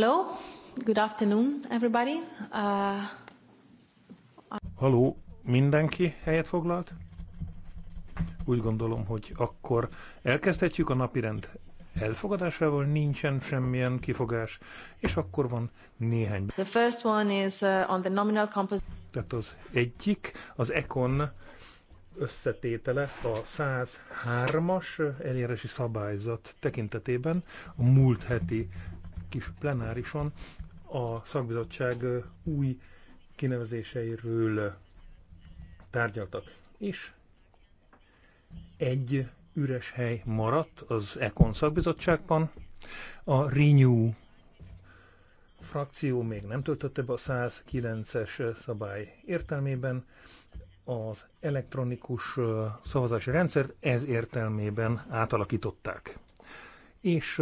Hello, good afternoon everybody. Uh... Haló, mindenki helyet foglalt? Úgy gondolom, hogy akkor elkezdhetjük a napirend elfogadásával, nincsen semmilyen kifogás, és akkor van néhány. The first one is uh, on the nominal composition. Tehát az egyik, az Econ összetétele a 103-as eljárási szabályzat tekintetében a múlt heti kis plenárison a szakbizottság új kinevezéseiről tárgyaltak. És egy üres hely maradt az Econ szakbizottságban. A Renew frakció még nem töltötte be a 109-es szabály értelmében az elektronikus szavazási rendszert ez értelmében átalakították. És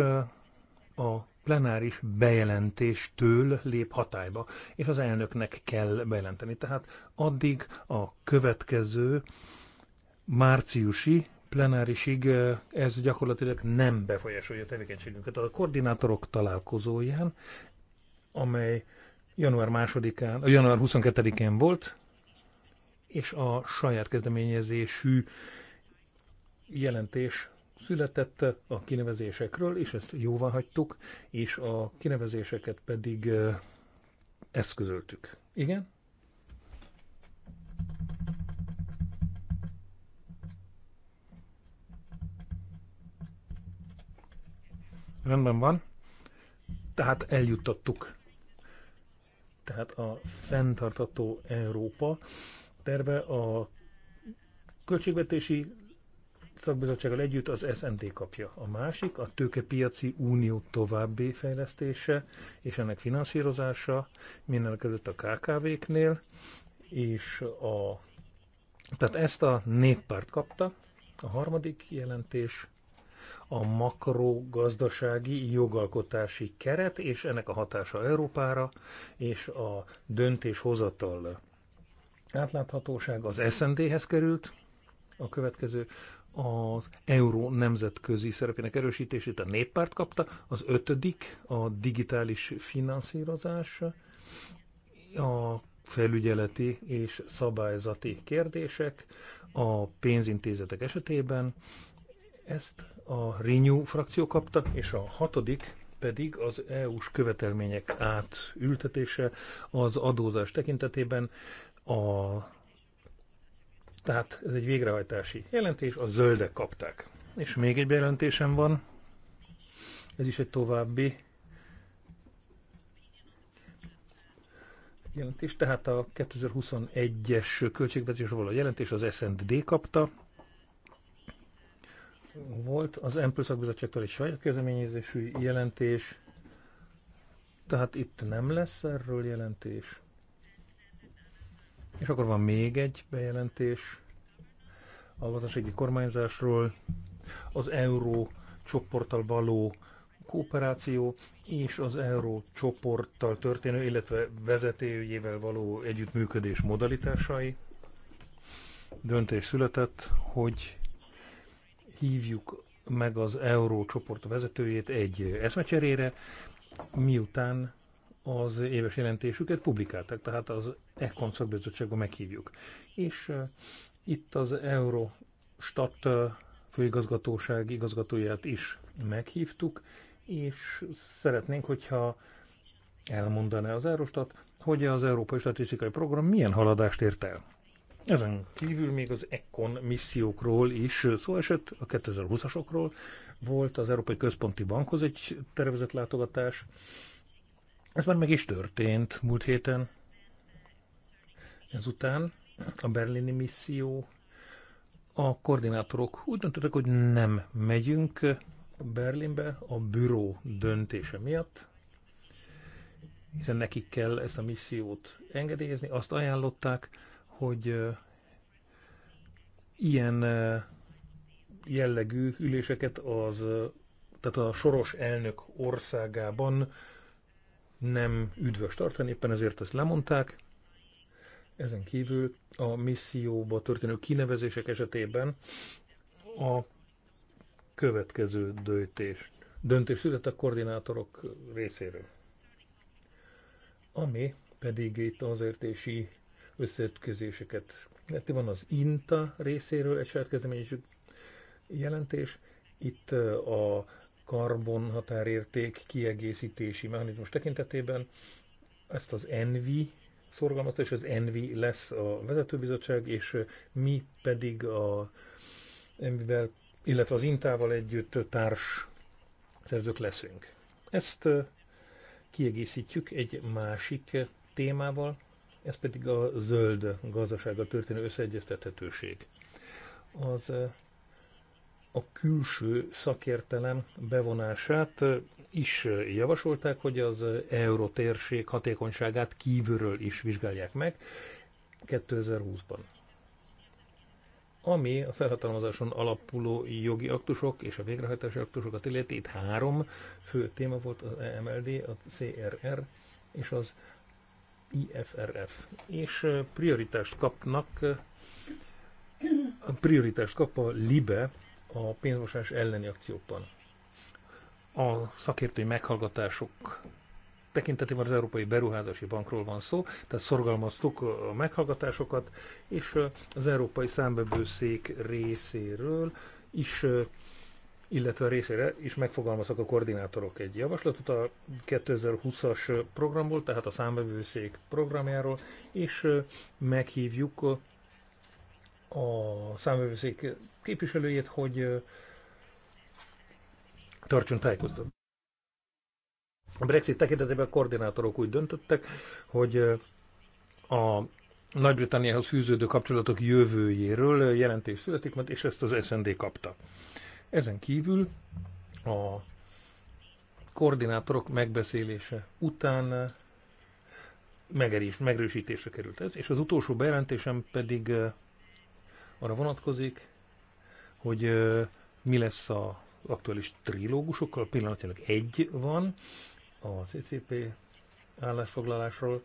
a plenáris bejelentéstől lép hatályba, és az elnöknek kell bejelenteni. Tehát addig a következő márciusi plenárisig ez gyakorlatilag nem befolyásolja a tevékenységünket. A koordinátorok találkozóján, amely január, másodikán, január 22-én volt, és a saját kezdeményezésű jelentés született a kinevezésekről, és ezt jóvá hagytuk, és a kinevezéseket pedig eszközöltük. Igen? Rendben van. Tehát eljuttattuk. Tehát a fenntartató Európa terve a költségvetési szakbizottsággal együtt az SND kapja. A másik a tőkepiaci unió további fejlesztése és ennek finanszírozása, minden előtt a KKV-knél, és a... Tehát ezt a néppárt kapta, a harmadik jelentés a makrogazdasági jogalkotási keret és ennek a hatása Európára és a döntéshozatal átláthatóság az SND-hez került, a következő az euró nemzetközi szerepének erősítését a néppárt kapta, az ötödik a digitális finanszírozás, a felügyeleti és szabályzati kérdések a pénzintézetek esetében, ezt a Renew frakció kapta, és a hatodik pedig az EU-s követelmények átültetése az adózás tekintetében a tehát ez egy végrehajtási jelentés, a zöldek kapták. És még egy bejelentésem van, ez is egy további jelentés, tehát a 2021-es költségvetésről való jelentés az SND kapta. Volt az M plusz szakbizottságtól egy saját kezdeményezésű jelentés, tehát itt nem lesz erről jelentés. És akkor van még egy bejelentés a gazdasági kormányzásról, az euró csoporttal való kooperáció és az euró csoporttal történő, illetve vezetőjével való együttműködés modalitásai. Döntés született, hogy hívjuk meg az euró csoport vezetőjét egy eszmecserére, miután az éves jelentésüket publikálták, tehát az Econ szakbizottságban meghívjuk. És itt az Eurostat főigazgatóság igazgatóját is meghívtuk, és szeretnénk, hogyha elmondaná az Eurostat, hogy az Európai Statisztikai Program milyen haladást ért el. Ezen kívül még az ECON missziókról is szó esett, a 2020-asokról. Volt az Európai Központi Bankhoz egy tervezett látogatás, ez már meg is történt múlt héten. Ezután a berlini misszió, a koordinátorok úgy döntöttek, hogy nem megyünk Berlinbe a büró döntése miatt, hiszen nekik kell ezt a missziót engedélyezni. Azt ajánlották, hogy ilyen jellegű üléseket az, tehát a soros elnök országában nem üdvös tartani, éppen ezért ezt lemondták. Ezen kívül a misszióba történő kinevezések esetében a következő döntés, döntés született a koordinátorok részéről. Ami pedig itt az értési összeütközéseket. Hát van az INTA részéről egy saját kezdeményező jelentés, itt a karbon határérték kiegészítési mechanizmus tekintetében. Ezt az ENVI szorgalmazta, és az ENVI lesz a vezetőbizottság, és mi pedig a ENVI-vel, illetve az Intával együtt társ szerzők leszünk. Ezt kiegészítjük egy másik témával, ez pedig a zöld gazdasággal történő összeegyeztethetőség. Az a külső szakértelem bevonását is javasolták, hogy az eurotérség hatékonyságát kívülről is vizsgálják meg 2020-ban. Ami a felhatalmazáson alapuló jogi aktusok és a végrehajtási aktusokat illeti, itt három fő téma volt az EMLD, a CRR és az IFRF. És prioritást kapnak, a prioritást kap a LIBE a pénzmosás elleni akciókban. A szakértői meghallgatások tekintetében az Európai Beruházási Bankról van szó, tehát szorgalmaztuk a meghallgatásokat, és az Európai Számbevőszék részéről is, illetve a részére is megfogalmaztak a koordinátorok egy javaslatot a 2020-as programból, tehát a számbevőszék programjáról, és meghívjuk a számvevőszék képviselőjét, hogy tartson tájékoztatni. A Brexit tekintetében a koordinátorok úgy döntöttek, hogy a Nagy-Britanniához fűződő kapcsolatok jövőjéről jelentés születik, mert és ezt az SND kapta. Ezen kívül a koordinátorok megbeszélése után megerős, megerősítésre került ez, és az utolsó bejelentésem pedig arra vonatkozik, hogy mi lesz a aktuális trilógusokkal, pillanatnyilag egy van a CCP állásfoglalásról.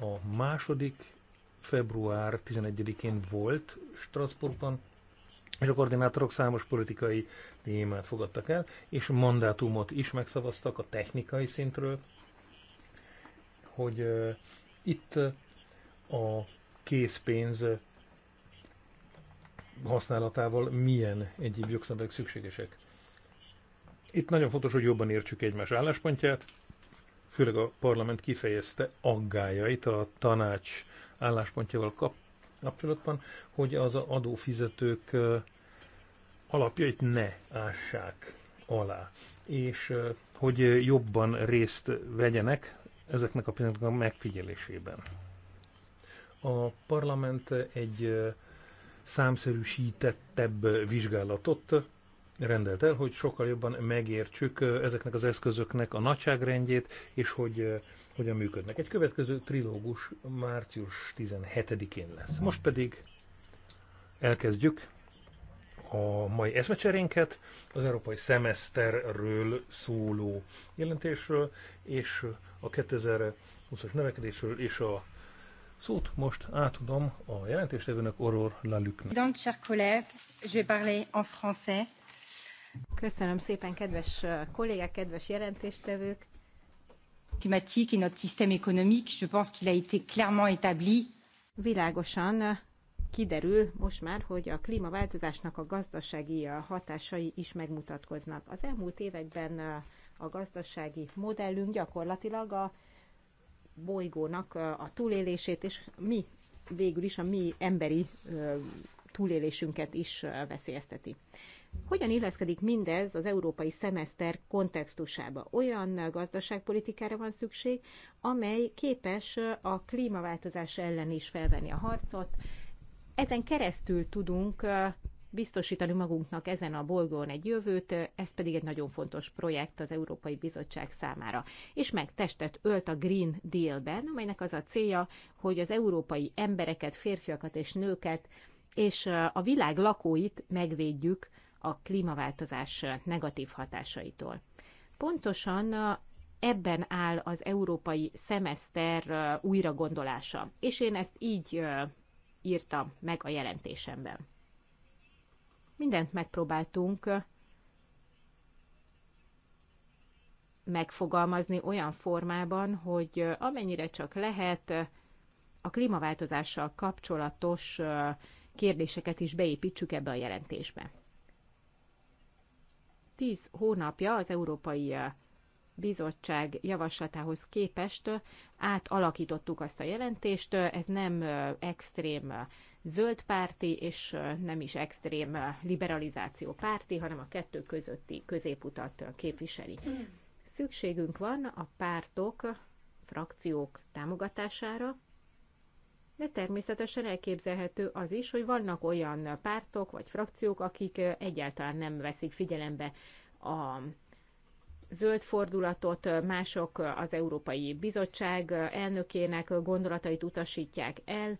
A második február 11-én volt Strasbourgban, és a koordinátorok számos politikai témát fogadtak el, és mandátumot is megszavaztak a technikai szintről, hogy uh, itt a készpénz használatával milyen egyéb jogszabályok szükségesek. Itt nagyon fontos, hogy jobban értsük egymás álláspontját, főleg a parlament kifejezte aggájait a tanács álláspontjával kapcsolatban, hogy az adófizetők alapjait ne ássák alá, és hogy jobban részt vegyenek ezeknek a pillanatoknak megfigyelésében. A parlament egy számszerűsítettebb vizsgálatot rendelt el, hogy sokkal jobban megértsük ezeknek az eszközöknek a nagyságrendjét, és hogy hogyan működnek. Egy következő trilógus március 17-én lesz. Most pedig elkezdjük a mai eszmecserénket az európai szemeszterről szóló jelentésről, és a 2020-as növekedésről és a Szót most átadom a jelentéstevőnek Aurore Lalüknek. Donc, chers collègues, je vais parler en français. Köszönöm szépen, kedves kollégák, kedves jelentéstevők. Climatique et notre système économique, je pense qu'il a été clairement établi. Világosan kiderül most már, hogy a klímaváltozásnak a gazdasági hatásai is megmutatkoznak. Az elmúlt években a gazdasági modellünk gyakorlatilag a bolygónak a túlélését, és mi végül is a mi emberi túlélésünket is veszélyezteti. Hogyan illeszkedik mindez az európai szemeszter kontextusába? Olyan gazdaságpolitikára van szükség, amely képes a klímaváltozás ellen is felvenni a harcot. Ezen keresztül tudunk biztosítani magunknak ezen a bolygón egy jövőt, ez pedig egy nagyon fontos projekt az Európai Bizottság számára. És meg testet ölt a Green Deal-ben, amelynek az a célja, hogy az európai embereket, férfiakat és nőket és a világ lakóit megvédjük a klímaváltozás negatív hatásaitól. Pontosan ebben áll az európai szemeszter újragondolása, és én ezt így írtam meg a jelentésemben mindent megpróbáltunk megfogalmazni olyan formában, hogy amennyire csak lehet, a klímaváltozással kapcsolatos kérdéseket is beépítsük ebbe a jelentésbe. Tíz hónapja az Európai Bizottság javaslatához képest átalakítottuk azt a jelentést. Ez nem extrém zöldpárti és nem is extrém liberalizáció párti, hanem a kettő közötti középutat képviseli. Szükségünk van a pártok, frakciók támogatására, de természetesen elképzelhető az is, hogy vannak olyan pártok vagy frakciók, akik egyáltalán nem veszik figyelembe a zöld fordulatot, mások az Európai Bizottság elnökének gondolatait utasítják el,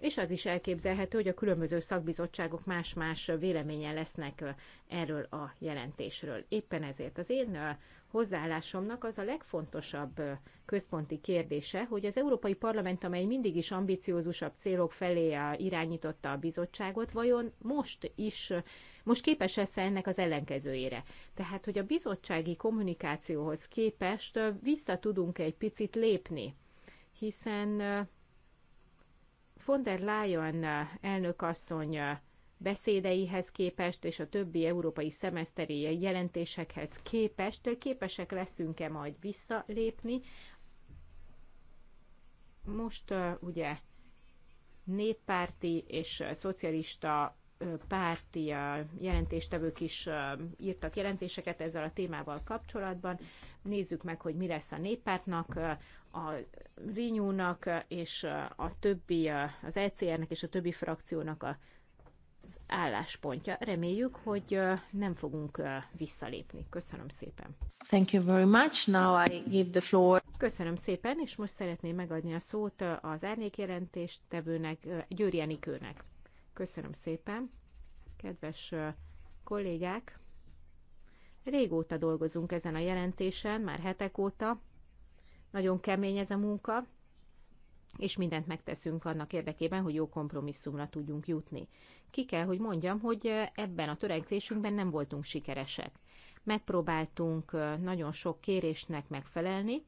és az is elképzelhető, hogy a különböző szakbizottságok más-más véleménye lesznek erről a jelentésről. Éppen ezért az én hozzáállásomnak az a legfontosabb központi kérdése, hogy az Európai Parlament, amely mindig is ambiciózusabb célok felé irányította a bizottságot, vajon most is, most képes lesz -e ennek az ellenkezőjére? Tehát, hogy a bizottsági kommunikációhoz képest vissza tudunk egy picit lépni, hiszen von der Leyen eh, elnökasszony eh, beszédeihez képest és a többi európai szemeszteri jelentésekhez képest eh, képesek leszünk-e majd visszalépni. Most ugye néppárti és szocialista párti jelentéstevők is írtak jelentéseket ezzel a témával kapcsolatban. Nézzük meg, hogy mi lesz a néppártnak a Rinyúnak és a többi, az ECR-nek és a többi frakciónak a az álláspontja. Reméljük, hogy nem fogunk visszalépni. Köszönöm szépen. Thank you very much. Now I give the floor. Köszönöm szépen, és most szeretném megadni a szót az árnyékjelentést tevőnek, Győri Enikőnek. Köszönöm szépen, kedves kollégák. Régóta dolgozunk ezen a jelentésen, már hetek óta, nagyon kemény ez a munka, és mindent megteszünk annak érdekében, hogy jó kompromisszumra tudjunk jutni. Ki kell, hogy mondjam, hogy ebben a törekvésünkben nem voltunk sikeresek. Megpróbáltunk nagyon sok kérésnek megfelelni,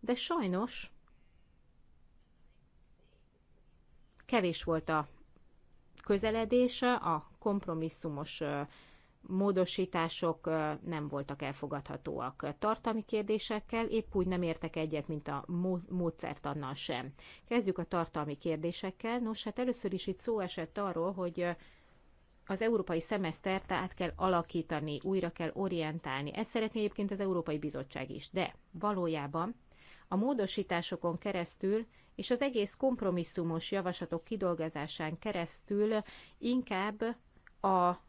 de sajnos kevés volt a közeledése a kompromisszumos módosítások nem voltak elfogadhatóak. Tartalmi kérdésekkel épp úgy nem értek egyet, mint a módszertannal sem. Kezdjük a tartalmi kérdésekkel. Nos, hát először is itt szó esett arról, hogy az európai szemesztert át kell alakítani, újra kell orientálni. Ezt szeretné egyébként az Európai Bizottság is, de valójában a módosításokon keresztül és az egész kompromisszumos javaslatok kidolgozásán keresztül inkább a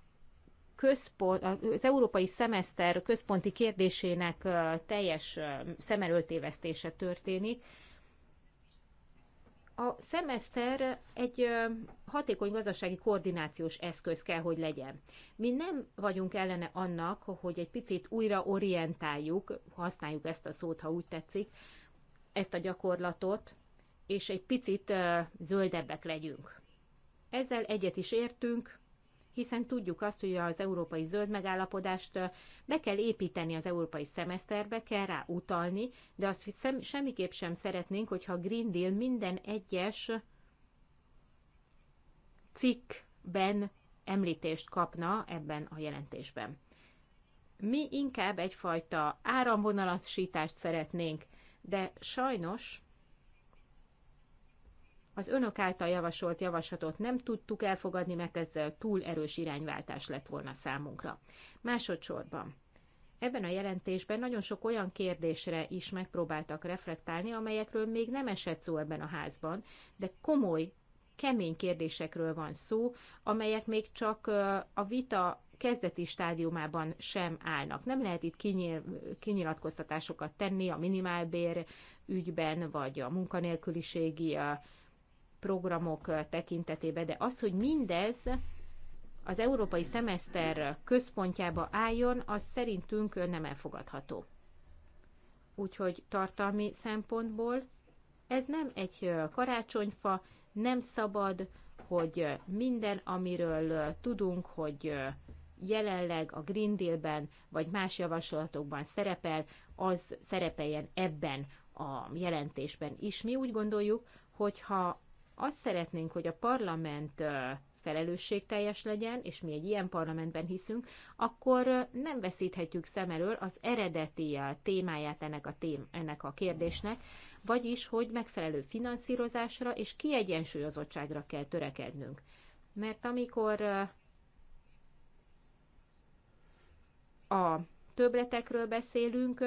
központ, az európai szemeszter központi kérdésének teljes szemelőltévesztése történik. A szemeszter egy hatékony gazdasági koordinációs eszköz kell, hogy legyen. Mi nem vagyunk ellene annak, hogy egy picit újra orientáljuk, használjuk ezt a szót, ha úgy tetszik, ezt a gyakorlatot, és egy picit zöldebbek legyünk. Ezzel egyet is értünk, hiszen tudjuk azt, hogy az európai zöld megállapodást be kell építeni az európai szemeszterbe, kell rá utalni, de azt semmiképp sem szeretnénk, hogyha a Green Deal minden egyes cikkben említést kapna ebben a jelentésben. Mi inkább egyfajta áramvonalasítást szeretnénk, de sajnos az önök által javasolt javaslatot nem tudtuk elfogadni, mert ez túl erős irányváltás lett volna számunkra. Másodszorban, ebben a jelentésben nagyon sok olyan kérdésre is megpróbáltak reflektálni, amelyekről még nem esett szó ebben a házban, de komoly, kemény kérdésekről van szó, amelyek még csak a vita kezdeti stádiumában sem állnak. Nem lehet itt kinyil, kinyilatkoztatásokat tenni a minimálbér ügyben, vagy a munkanélküliségi programok tekintetében, de az, hogy mindez az európai szemeszter központjába álljon, az szerintünk nem elfogadható. Úgyhogy tartalmi szempontból ez nem egy karácsonyfa, nem szabad, hogy minden, amiről tudunk, hogy jelenleg a Green Deal-ben vagy más javaslatokban szerepel, az szerepeljen ebben a jelentésben is. Mi úgy gondoljuk, hogyha azt szeretnénk, hogy a parlament felelősségteljes legyen, és mi egy ilyen parlamentben hiszünk, akkor nem veszíthetjük szem elől az eredeti témáját ennek a, tém- ennek a kérdésnek, vagyis, hogy megfelelő finanszírozásra és kiegyensúlyozottságra kell törekednünk. Mert amikor a többletekről beszélünk,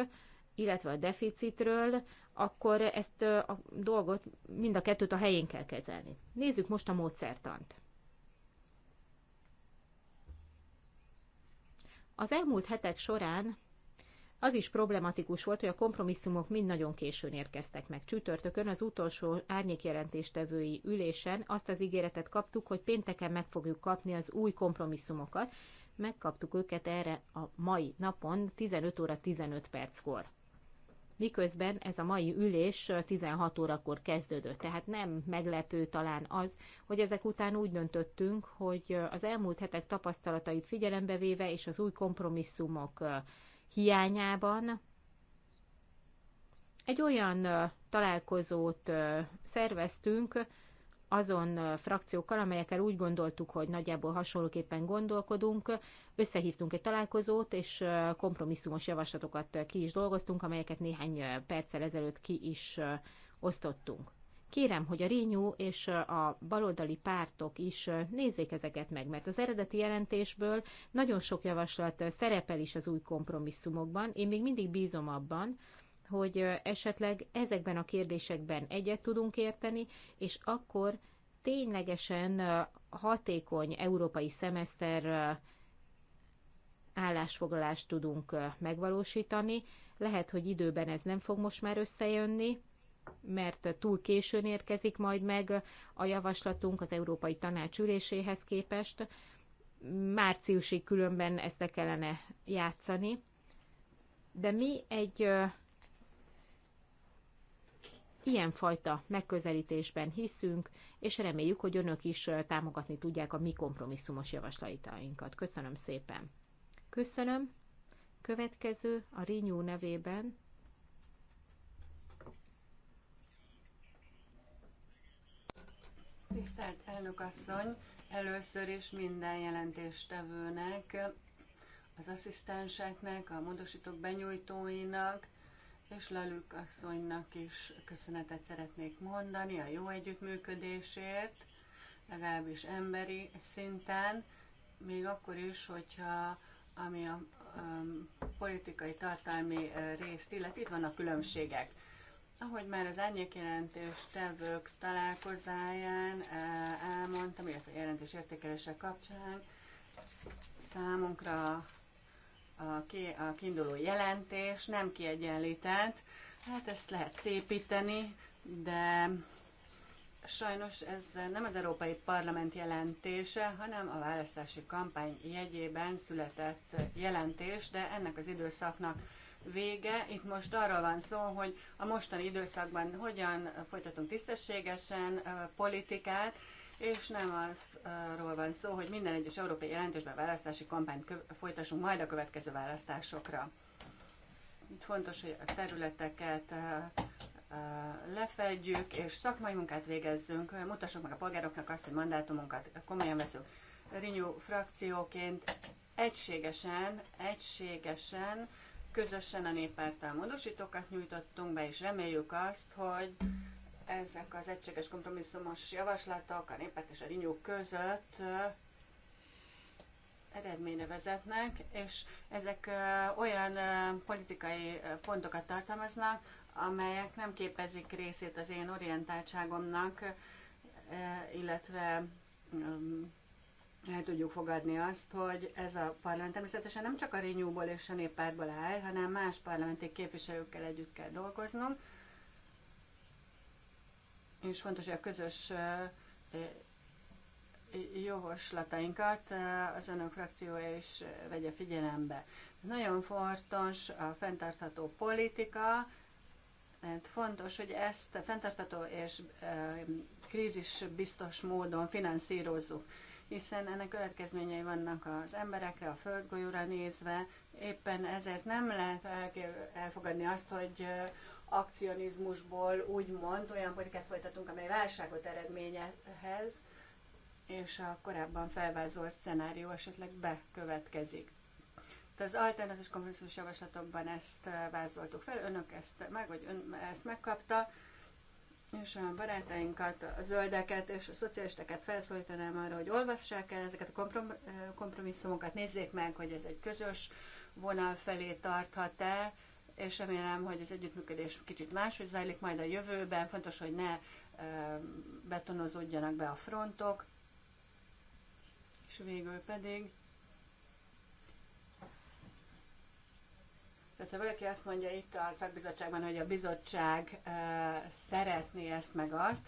illetve a deficitről, akkor ezt a dolgot, mind a kettőt a helyén kell kezelni. Nézzük most a módszertant. Az elmúlt hetek során az is problematikus volt, hogy a kompromisszumok mind nagyon későn érkeztek meg. Csütörtökön az utolsó árnyékjelentéstevői ülésen azt az ígéretet kaptuk, hogy pénteken meg fogjuk kapni az új kompromisszumokat. Megkaptuk őket erre a mai napon 15 óra 15 perckor miközben ez a mai ülés 16 órakor kezdődött. Tehát nem meglepő talán az, hogy ezek után úgy döntöttünk, hogy az elmúlt hetek tapasztalatait figyelembe véve és az új kompromisszumok hiányában egy olyan találkozót szerveztünk, azon frakciókkal, amelyekkel úgy gondoltuk, hogy nagyjából hasonlóképpen gondolkodunk, összehívtunk egy találkozót, és kompromisszumos javaslatokat ki is dolgoztunk, amelyeket néhány perccel ezelőtt ki is osztottunk. Kérem, hogy a Rényú és a baloldali pártok is nézzék ezeket meg, mert az eredeti jelentésből nagyon sok javaslat szerepel is az új kompromisszumokban. Én még mindig bízom abban, hogy esetleg ezekben a kérdésekben egyet tudunk érteni, és akkor ténylegesen hatékony európai szemeszter állásfoglalást tudunk megvalósítani. Lehet, hogy időben ez nem fog most már összejönni, mert túl későn érkezik majd meg a javaslatunk az Európai Tanács üléséhez képest. Márciusig különben ezt le kellene játszani. De mi egy ilyenfajta megközelítésben hiszünk, és reméljük, hogy önök is támogatni tudják a mi kompromisszumos javaslatainkat. Köszönöm szépen! Köszönöm! Következő a Rinyú nevében Tisztelt elnök asszony, először is minden jelentéstevőnek, az asszisztenseknek, a módosítók benyújtóinak, és Lalük asszonynak is köszönetet szeretnék mondani a jó együttműködésért, legalábbis emberi szinten, még akkor is, hogyha ami a um, politikai tartalmi uh, részt illeti, itt vannak különbségek. Ahogy már az árnyékjelentés tevők találkozáján uh, elmondtam, illetve jelentés értékelése kapcsán, számunkra a, ki, a kiinduló jelentés nem kiegyenlített. Hát ezt lehet szépíteni, de sajnos ez nem az Európai Parlament jelentése, hanem a választási kampány jegyében született jelentés, de ennek az időszaknak vége. Itt most arról van szó, hogy a mostani időszakban hogyan folytatunk tisztességesen politikát, és nem arról van szó, hogy minden egyes európai jelentősben választási kampányt folytassunk majd a következő választásokra. Itt fontos, hogy a területeket eh, eh, lefedjük, és szakmai munkát végezzünk, mutassuk meg a polgároknak azt, hogy mandátumunkat komolyan veszünk. Renew frakcióként egységesen, egységesen, közösen a néppárttal módosítókat nyújtottunk be, és reméljük azt, hogy ezek az egységes kompromisszumos javaslatok a népek és a rinyók között eredményre vezetnek, és ezek olyan politikai pontokat tartalmaznak, amelyek nem képezik részét az én orientáltságomnak, illetve el tudjuk fogadni azt, hogy ez a parlament természetesen nem csak a Renewból és a Néppártból áll, hanem más parlamenti képviselőkkel együtt kell dolgoznom, és fontos, hogy a közös eh, eh, javaslatainkat eh, az önök frakciója is vegye figyelembe. Nagyon fontos a fenntartható politika, fontos, hogy ezt fenntartható és krízis biztos módon finanszírozzuk, hiszen ennek következményei vannak az emberekre, a földgolyóra nézve, éppen ezért nem lehet elfogadni azt, hogy akcionizmusból úgymond olyan politikát folytatunk, amely válságot eredményehez, és a korábban felvázolt szenárió esetleg bekövetkezik. Tehát az alternatív kompromisszus javaslatokban ezt eh, vázoltuk fel, önök ezt meg, vagy ön ezt megkapta, és a barátainkat, a zöldeket és a szocialisteket felszólítanám arra, hogy olvassák el ezeket a eh, kompromisszumokat, nézzék meg, hogy ez egy közös vonal felé tarthat-e, és remélem, hogy az együttműködés kicsit máshogy zajlik majd a jövőben. Fontos, hogy ne betonozódjanak be a frontok. És végül pedig Tehát ha valaki azt mondja itt a szakbizottságban, hogy a bizottság szeretné ezt meg azt,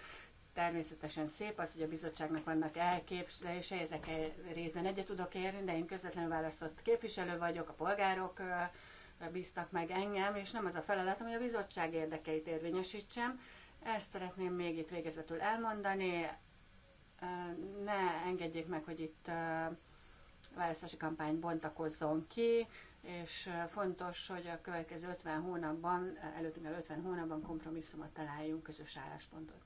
természetesen szép az, hogy a bizottságnak vannak elképzelései, ezek részben egyet tudok érni, de én közvetlenül választott képviselő vagyok, a polgárok uh, bíztak meg engem, és nem az a feladatom, hogy a bizottság érdekeit érvényesítsem. Ezt szeretném még itt végezetül elmondani. Ne engedjék meg, hogy itt választási kampány bontakozzon ki, és fontos, hogy a következő 50 hónapban, előttünk el 50 hónapban kompromisszumot találjunk, közös álláspontot.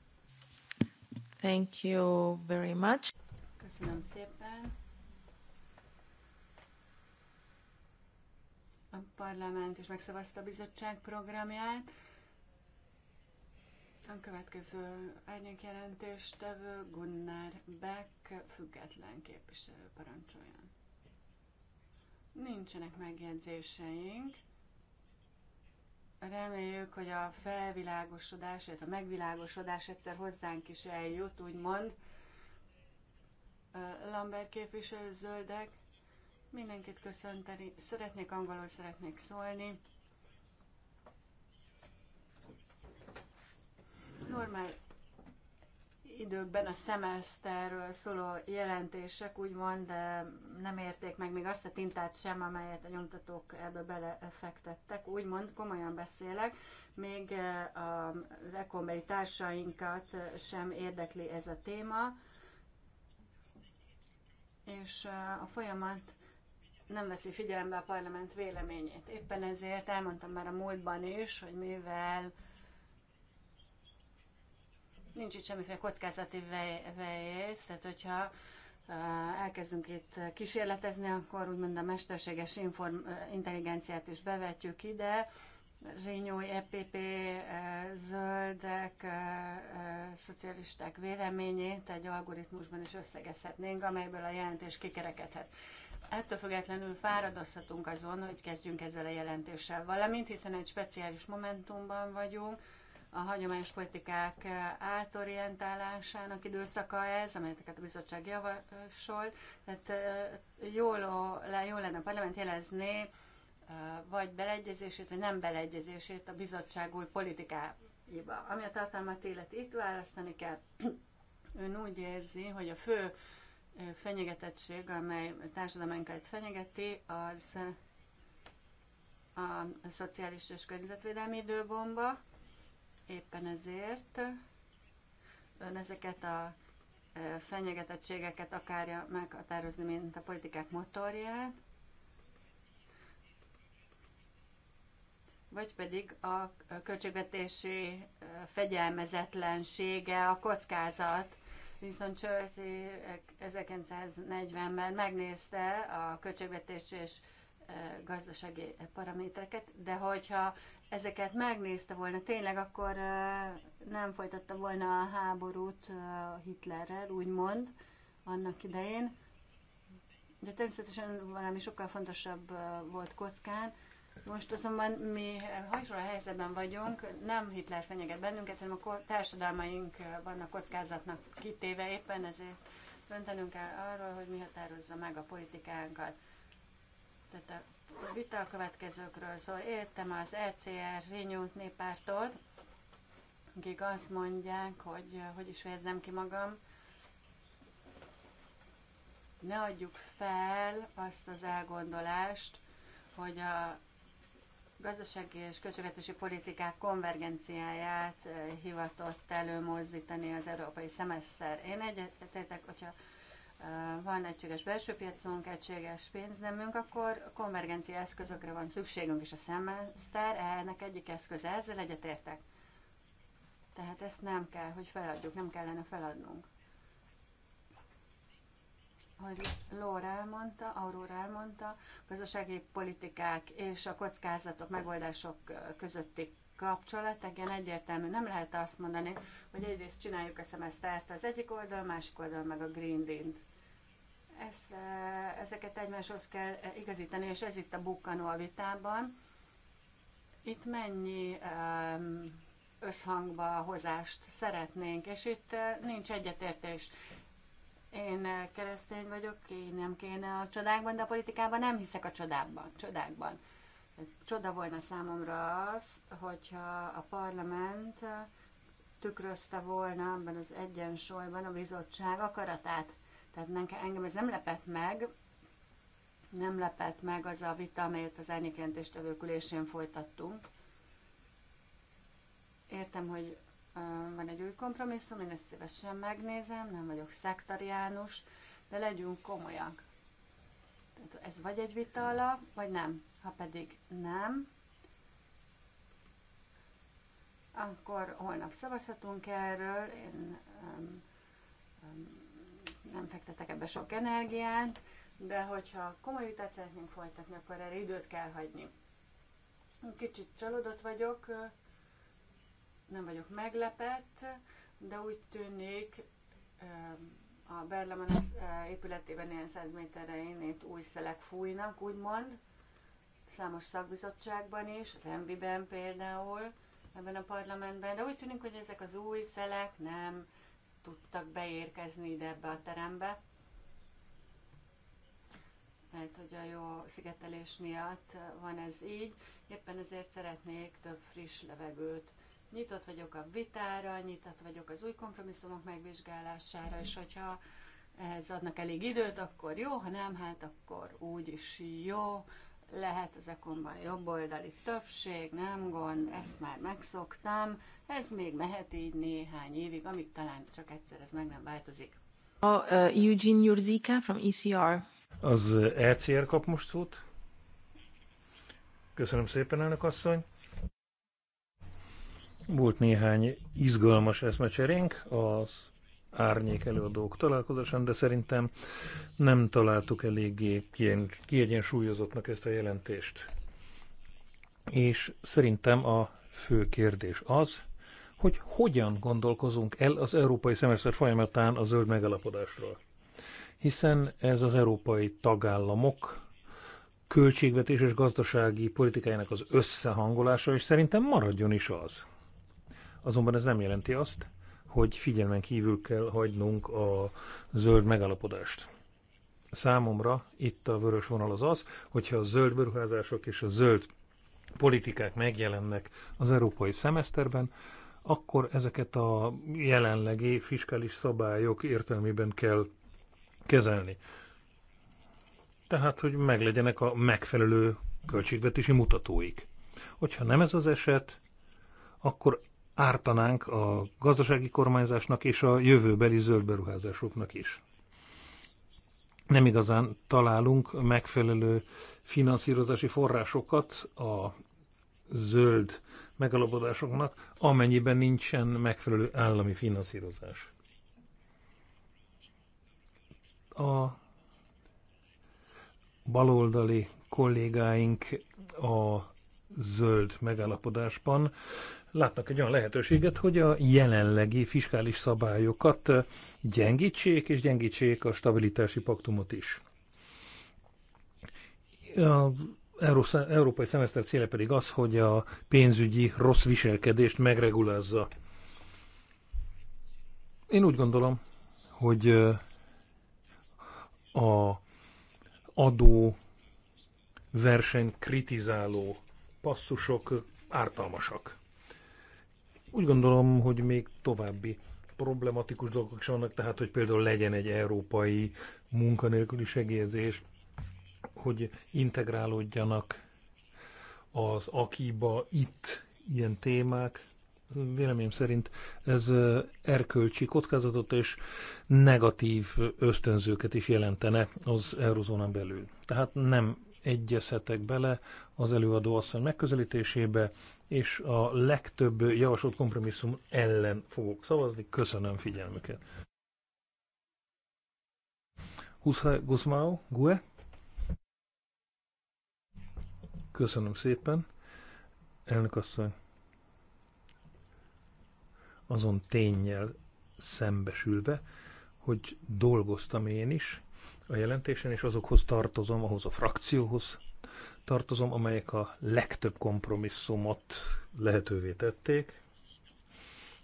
Thank you very much. Köszönöm szépen. a parlament is megszavazta a bizottság programját. A következő tevő Gunnar Beck független képviselő parancsoljon. Nincsenek megjegyzéseink. Reméljük, hogy a felvilágosodás, vagy a megvilágosodás egyszer hozzánk is eljut, úgymond. Lambert képviselő zöldek Mindenkit köszönteni. Szeretnék angolul, szeretnék szólni. Normál időkben a szemeszterről szóló jelentések úgymond nem érték meg még azt a tintát sem, amelyet a nyomtatók ebbe belefektettek. Úgymond komolyan beszélek, még eh, az ekonbeli társainkat eh, sem érdekli ez a téma, és eh, a folyamat nem veszi figyelembe a parlament véleményét. Éppen ezért elmondtam már a múltban is, hogy mivel nincs itt semmiféle kockázati vejész, tehát hogyha elkezdünk itt kísérletezni, akkor úgymond a mesterséges inform, intelligenciát is bevetjük ide, Zsinyói, EPP, zöldek, szocialisták véleményét egy algoritmusban is összegezhetnénk, amelyből a jelentés kikerekedhet. Ettől függetlenül fáradozhatunk azon, hogy kezdjünk ezzel a jelentéssel valamint, hiszen egy speciális momentumban vagyunk, a hagyományos politikák átorientálásának időszaka ez, amelyeket a bizottság javasol. Tehát jól, jól lenne a parlament jelezni vagy beleegyezését, vagy nem beleegyezését a bizottság új politikáiba. Ami a tartalmat illeti, itt választani kell. Ön úgy érzi, hogy a fő fenyegetettség, amely társadalmánkat fenyegeti, az a szociális és környezetvédelmi időbomba. Éppen ezért ön ezeket a e, fenyegetettségeket akarja meghatározni, mint a politikák motorját, vagy pedig a költségvetési e, fegyelmezetlensége, a kockázat, Winston Churchill 1940-ben megnézte a költségvetés és gazdasági paramétereket, de hogyha ezeket megnézte volna tényleg, akkor nem folytatta volna a háborút Hitlerrel, úgymond, annak idején. De természetesen valami sokkal fontosabb volt kockán, most azonban mi hasonló helyzetben vagyunk, nem Hitler fenyeget bennünket, hanem a társadalmaink vannak kockázatnak kitéve, éppen ezért döntenünk kell arról, hogy mi határozza meg a politikánkat. Tehát a vita a következőkről szól. Értem az ECR Rinyút néppártot, akik azt mondják, hogy hogy is fejezzem ki magam, ne adjuk fel azt az elgondolást, hogy a gazdasági és költségvetési politikák konvergenciáját eh, hivatott előmozdítani az európai szemeszter. Én egyetértek, hogyha eh, van egységes belső piacunk, egységes pénznemünk, akkor konvergencia eszközökre van szükségünk, és a szemeszter ennek egyik eszköze, ezzel egyetértek. Tehát ezt nem kell, hogy feladjuk, nem kellene feladnunk. Hogy Laura elmondta, Aurora elmondta, gazdasági politikák és a kockázatok, megoldások közötti kapcsolat, igen, egyértelmű. Nem lehet azt mondani, hogy egyrészt csináljuk a szemesztert az egyik oldal, másik oldal meg a Green Deal-t. Ezt, ezeket egymáshoz kell igazítani, és ez itt a bukkanó a vitában. Itt mennyi összhangba hozást szeretnénk, és itt nincs egyetértés. Én eh, keresztény vagyok, én kéne a csodákban, de a politikában nem hiszek a csodákban, csodákban. Csoda volna számomra az, hogyha a parlament eh, tükrözte volna abban az egyensúlyban a bizottság akaratát. Tehát engem ez nem lepett meg, nem lepett meg az a vita, amelyet az árnyékjelentéstevők ülésén folytattunk. Értem, hogy van egy új kompromisszum, én ezt szívesen megnézem, nem vagyok szektariánus, de legyünk komolyak. Tehát ez vagy egy vita alap, vagy nem. Ha pedig nem, akkor holnap szavazhatunk erről, én um, um, nem fektetek ebbe sok energiát, de hogyha komoly vitát szeretnénk folytatni, akkor erre időt kell hagyni. Kicsit csalódott vagyok, nem vagyok meglepett, de úgy tűnik, a Berleman eh, épületében ilyen 100 méterre innét új szelek fújnak, úgymond, számos szakbizottságban is, az MB-ben például, ebben a parlamentben, de úgy tűnik, hogy ezek az új szelek nem tudtak beérkezni ide ebbe a terembe. Tehát, hogy a jó szigetelés miatt van ez így, éppen ezért szeretnék több friss levegőt. Nyitott vagyok a vitára, nyitott vagyok az új kompromisszumok megvizsgálására, és hogyha ehhez adnak elég időt, akkor jó, ha nem, hát akkor úgy is jó. Lehet az ekonban jobboldali többség, nem gond, ezt már megszoktam. Ez még mehet így néhány évig, amíg talán csak egyszer ez meg nem változik. A, uh, Eugene Jurzika from ECR. Az ECR kap most szót. Köszönöm szépen, elnök asszony. Volt néhány izgalmas eszmecserénk az árnyék előadók találkozásán, de szerintem nem találtuk eléggé kiegyensúlyozottnak ezt a jelentést. És szerintem a fő kérdés az, hogy hogyan gondolkozunk el az európai szemeszter folyamatán a zöld megalapodásról. Hiszen ez az európai tagállamok költségvetés és gazdasági politikájának az összehangolása, és szerintem maradjon is az. Azonban ez nem jelenti azt, hogy figyelmen kívül kell hagynunk a zöld megalapodást. Számomra itt a vörös vonal az az, hogyha a zöld beruházások és a zöld politikák megjelennek az európai szemeszterben, akkor ezeket a jelenlegi fiskális szabályok értelmében kell kezelni. Tehát, hogy meglegyenek a megfelelő költségvetési mutatóik. Hogyha nem ez az eset, akkor ártanánk a gazdasági kormányzásnak és a jövőbeli zöld beruházásoknak is. Nem igazán találunk megfelelő finanszírozási forrásokat a zöld megalapodásoknak, amennyiben nincsen megfelelő állami finanszírozás. A baloldali kollégáink a zöld megállapodásban látnak egy olyan lehetőséget, hogy a jelenlegi fiskális szabályokat gyengítsék, és gyengítsék a stabilitási paktumot is. A európai szemeszter célja pedig az, hogy a pénzügyi rossz viselkedést megregulázza. Én úgy gondolom, hogy a adó verseny kritizáló passzusok ártalmasak. Úgy gondolom, hogy még további problematikus dolgok is vannak, tehát hogy például legyen egy európai munkanélküli segélyezés, hogy integrálódjanak az akiba itt ilyen témák. Véleményem szerint ez erkölcsi kockázatot és negatív ösztönzőket is jelentene az eurozónán belül. Tehát nem egyezhetek bele az előadó asszony megközelítésébe, és a legtöbb javasolt kompromisszum ellen fogok szavazni. Köszönöm figyelmüket. Guzmao, Gue? Köszönöm szépen. Elnök asszony. Azon tényjel szembesülve, hogy dolgoztam én is, a jelentésen, és azokhoz tartozom, ahhoz a frakcióhoz tartozom, amelyek a legtöbb kompromisszumot lehetővé tették.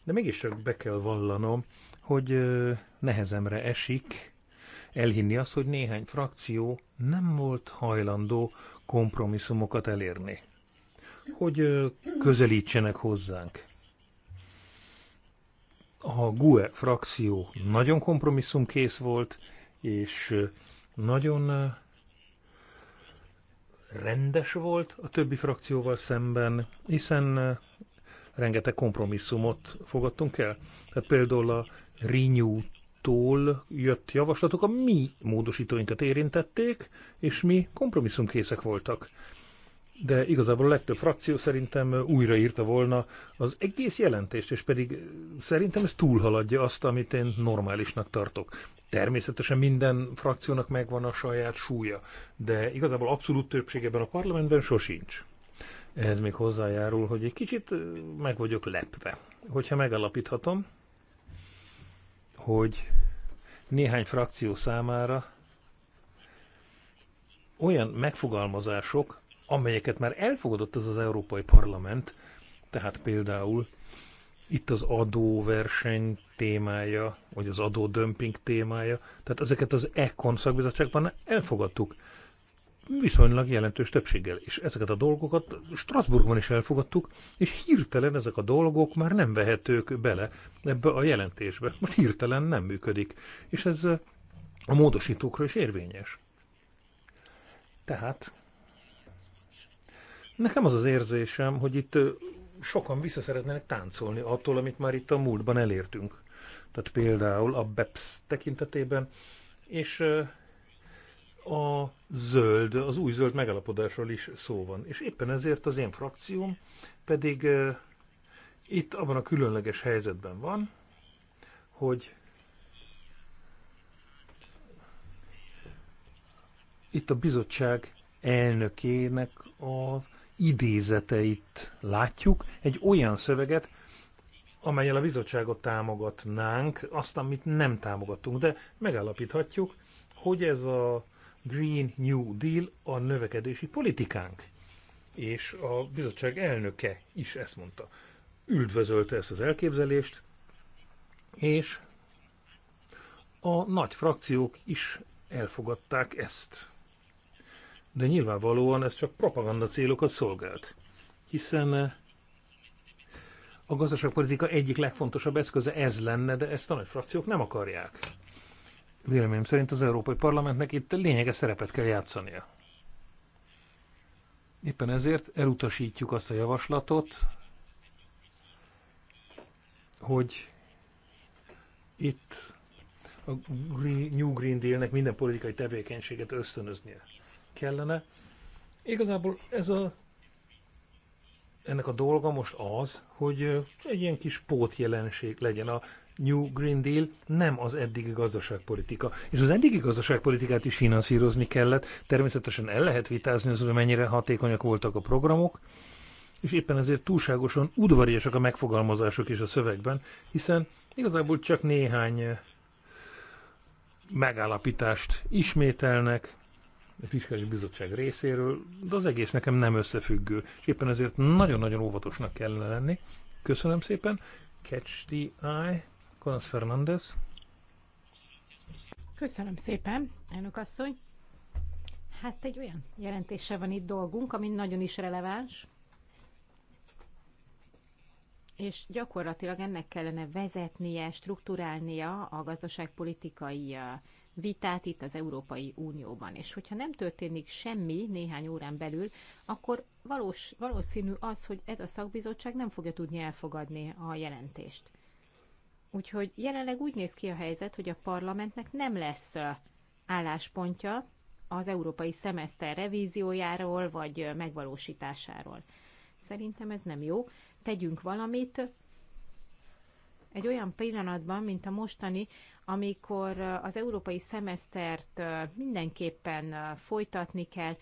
De mégis be kell vallanom, hogy nehezemre esik elhinni azt, hogy néhány frakció nem volt hajlandó kompromisszumokat elérni. Hogy közelítsenek hozzánk. A GUE frakció nagyon kompromisszumkész volt, és nagyon rendes volt a többi frakcióval szemben, hiszen rengeteg kompromisszumot fogadtunk el. Tehát például a Renew-tól jött javaslatok a mi módosítóinkat érintették, és mi kompromisszumkészek voltak de igazából a legtöbb frakció szerintem újraírta volna az egész jelentést, és pedig szerintem ez túlhaladja azt, amit én normálisnak tartok. Természetesen minden frakciónak megvan a saját súlya, de igazából abszolút többségeben a parlamentben sosincs. Ehhez még hozzájárul, hogy egy kicsit meg vagyok lepve. Hogyha megalapíthatom, hogy néhány frakció számára olyan megfogalmazások, amelyeket már elfogadott az az Európai Parlament, tehát például itt az adóverseny témája, vagy az adódömping témája, tehát ezeket az ECON szakbizottságban elfogadtuk viszonylag jelentős többséggel, és ezeket a dolgokat Strasbourgban is elfogadtuk, és hirtelen ezek a dolgok már nem vehetők bele ebbe a jelentésbe. Most hirtelen nem működik, és ez a módosítókra is érvényes. Tehát Nekem az az érzésem, hogy itt sokan vissza szeretnének táncolni attól, amit már itt a múltban elértünk. Tehát például a BEPS tekintetében, és a zöld, az új zöld megalapodásról is szó van. És éppen ezért az én frakcióm pedig itt abban a különleges helyzetben van, hogy itt a bizottság elnökének az idézeteit látjuk, egy olyan szöveget, amelyel a bizottságot támogatnánk, azt, amit nem támogattunk, de megállapíthatjuk, hogy ez a Green New Deal a növekedési politikánk. És a bizottság elnöke is ezt mondta. Üldvözölte ezt az elképzelést, és a nagy frakciók is elfogadták ezt de nyilvánvalóan ez csak propaganda célokat szolgált, hiszen eh, a gazdaságpolitika egyik legfontosabb eszköze ez lenne, de ezt a nagy frakciók nem akarják. Véleményem szerint az Európai Parlamentnek itt lényeges szerepet kell játszania. Éppen ezért elutasítjuk azt a javaslatot, hogy itt a Green, New Green Dealnek minden politikai tevékenységet ösztönöznie kellene. Igazából ez a, ennek a dolga most az, hogy egy ilyen kis pótjelenség legyen a New Green Deal nem az eddigi gazdaságpolitika. És az eddigi gazdaságpolitikát is finanszírozni kellett. Természetesen el lehet vitázni az, hogy mennyire hatékonyak voltak a programok, és éppen ezért túlságosan udvariasak a megfogalmazások is a szövegben, hiszen igazából csak néhány megállapítást ismételnek, a Fiskális Bizottság részéről, de az egész nekem nem összefüggő, és éppen ezért nagyon-nagyon óvatosnak kellene lenni. Köszönöm szépen. Catch the Eye, Konasz Fernández. Köszönöm szépen, elnök asszony. Hát egy olyan jelentése van itt dolgunk, ami nagyon is releváns, és gyakorlatilag ennek kellene vezetnie, struktúrálnia a gazdaságpolitikai vitát itt az Európai Unióban. És hogyha nem történik semmi néhány órán belül, akkor valós, valószínű az, hogy ez a szakbizottság nem fogja tudni elfogadni a jelentést. Úgyhogy jelenleg úgy néz ki a helyzet, hogy a parlamentnek nem lesz álláspontja az európai szemeszter revíziójáról vagy megvalósításáról. Szerintem ez nem jó. Tegyünk valamit, egy olyan pillanatban, mint a mostani, amikor uh, az európai szemesztert uh, mindenképpen uh, folytatni kell,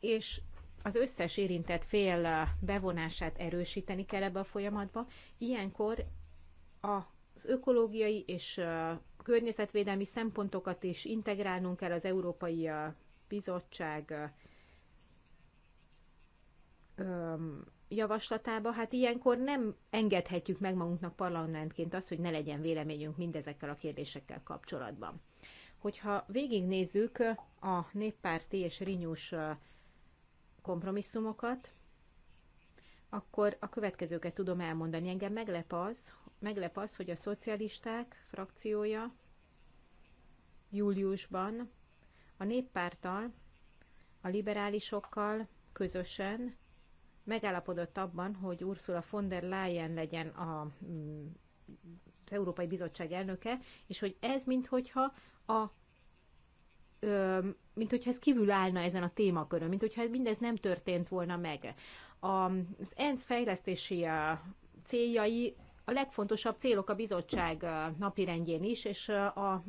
és az összes érintett fél bevonását erősíteni kell ebbe a folyamatba. Ilyenkor az ökológiai és környezetvédelmi szempontokat is integrálnunk kell az Európai Bizottság um, javaslatába, hát ilyenkor nem engedhetjük meg magunknak parlamentként azt, hogy ne legyen véleményünk mindezekkel a kérdésekkel kapcsolatban. Hogyha végignézzük a néppárti és rinyús kompromisszumokat, akkor a következőket tudom elmondani. Engem meglep az, meglep az hogy a szocialisták frakciója júliusban a néppárttal, a liberálisokkal közösen megállapodott abban, hogy Ursula von der Leyen legyen a, mm, az Európai Bizottság elnöke, és hogy ez minthogyha a mint hogyha ez kívül állna ezen a témakörön, mint hogyha mindez nem történt volna meg. Az ENSZ fejlesztési céljai a legfontosabb célok a bizottság napirendjén is, és a,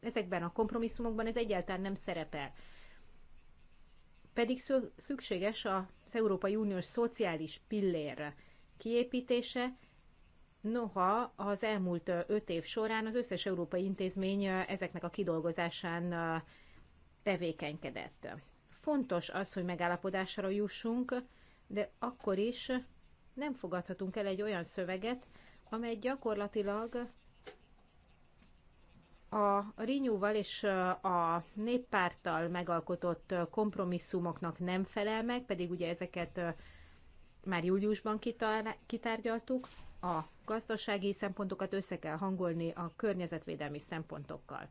ezekben a kompromisszumokban ez egyáltalán nem szerepel pedig szükséges az Európai Uniós szociális pillér kiépítése, noha az elmúlt öt év során az összes európai intézmény ezeknek a kidolgozásán tevékenykedett. Fontos az, hogy megállapodásra jussunk, de akkor is nem fogadhatunk el egy olyan szöveget, amely gyakorlatilag a Rinyúval és a néppárttal megalkotott kompromisszumoknak nem felel meg, pedig ugye ezeket már júliusban kitárgyaltuk, a gazdasági szempontokat össze kell hangolni a környezetvédelmi szempontokkal.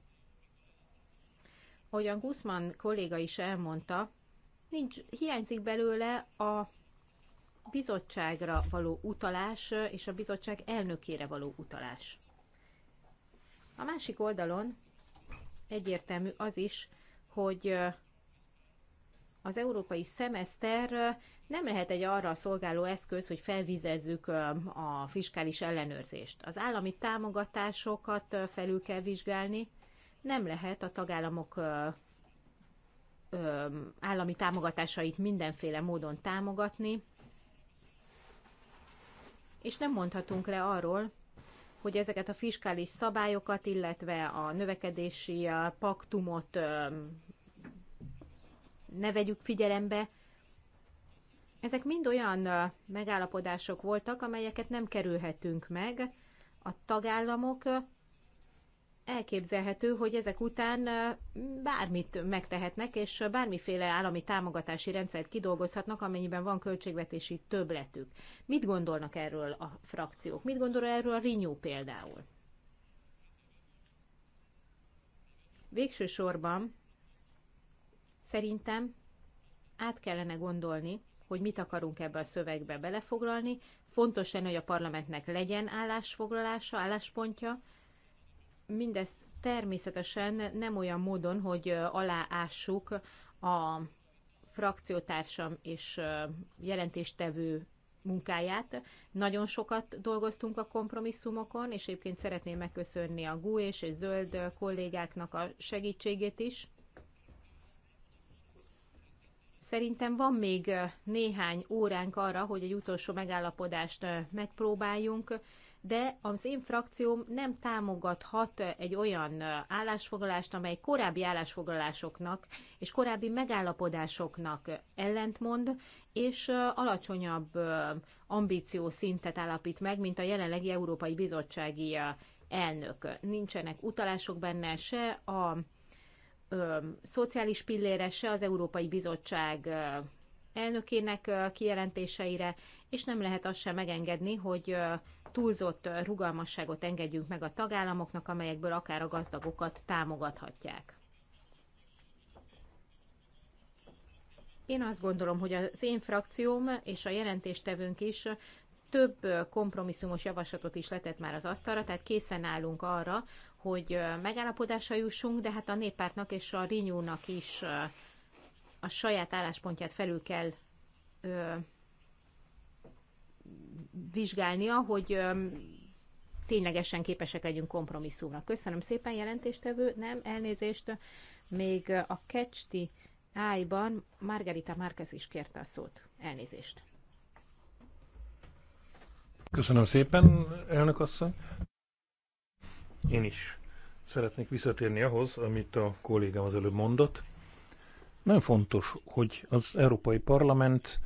Olyan Guzman kolléga is elmondta, nincs, hiányzik belőle a bizottságra való utalás és a bizottság elnökére való utalás. A másik oldalon egyértelmű az is, hogy az európai szemeszter nem lehet egy arra szolgáló eszköz, hogy felvizezzük a fiskális ellenőrzést. Az állami támogatásokat felül kell vizsgálni, nem lehet a tagállamok állami támogatásait mindenféle módon támogatni, és nem mondhatunk le arról, hogy ezeket a fiskális szabályokat, illetve a növekedési paktumot ne vegyük figyelembe. Ezek mind olyan megállapodások voltak, amelyeket nem kerülhetünk meg. A tagállamok elképzelhető, hogy ezek után bármit megtehetnek, és bármiféle állami támogatási rendszert kidolgozhatnak, amennyiben van költségvetési többletük. Mit gondolnak erről a frakciók? Mit gondol erről a Renew például? Végső sorban szerintem át kellene gondolni, hogy mit akarunk ebbe a szövegbe belefoglalni. Fontos lenne, hogy a parlamentnek legyen állásfoglalása, álláspontja, mindezt természetesen nem olyan módon, hogy aláássuk a frakciótársam és jelentéstevő munkáját. Nagyon sokat dolgoztunk a kompromisszumokon, és egyébként szeretném megköszönni a GU és a zöld kollégáknak a segítségét is. Szerintem van még néhány óránk arra, hogy egy utolsó megállapodást megpróbáljunk, de az én frakcióm nem támogathat egy olyan állásfoglalást, amely korábbi állásfoglalásoknak és korábbi megállapodásoknak ellentmond, és alacsonyabb ambíció szintet állapít meg, mint a jelenlegi Európai Bizottsági elnök. Nincsenek utalások benne se a ö, szociális pillére, se az Európai Bizottság ö, elnökének ö, kijelentéseire, és nem lehet azt sem megengedni, hogy ö, túlzott rugalmasságot engedjünk meg a tagállamoknak, amelyekből akár a gazdagokat támogathatják. Én azt gondolom, hogy az én frakcióm és a jelentéstevőnk is több kompromisszumos javaslatot is letett már az asztalra, tehát készen állunk arra, hogy megállapodásra jussunk, de hát a néppártnak és a Rinyónak is a saját álláspontját felül kell vizsgálnia, hogy ténylegesen képesek legyünk kompromisszumra. Köszönöm szépen, jelentéstevő, nem, elnézést, még a kecsti ájban Margarita Márquez is kérte a szót. Elnézést. Köszönöm szépen, elnök asszony. Én is szeretnék visszatérni ahhoz, amit a kollégám az előbb mondott. Nagyon fontos, hogy az Európai Parlament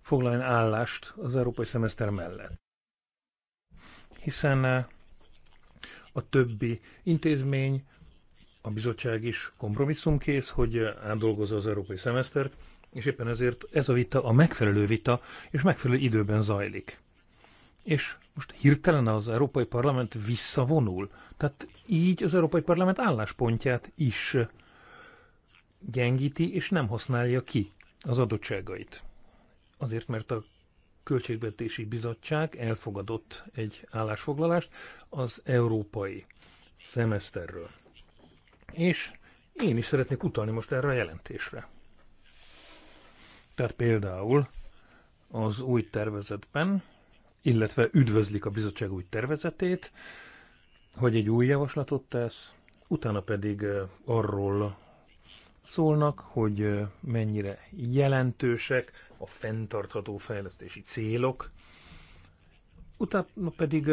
foglaljon állást az Európai Szemeszter mellett. Hiszen eh, a többi intézmény, a bizottság is kompromisszumkész, hogy eh, átdolgozza az európai szemesztert, és éppen ezért ez a vita a megfelelő vita, és megfelelő időben zajlik és most hirtelen az Európai Parlament visszavonul. Tehát így az Európai Parlament álláspontját is gyengíti, és nem használja ki az adottságait. Azért, mert a Költségvetési Bizottság elfogadott egy állásfoglalást az európai szemeszterről. És én is szeretnék utalni most erre a jelentésre. Tehát például az új tervezetben illetve üdvözlik a bizottság új tervezetét, hogy egy új javaslatot tesz, utána pedig arról szólnak, hogy mennyire jelentősek a fenntartható fejlesztési célok, utána pedig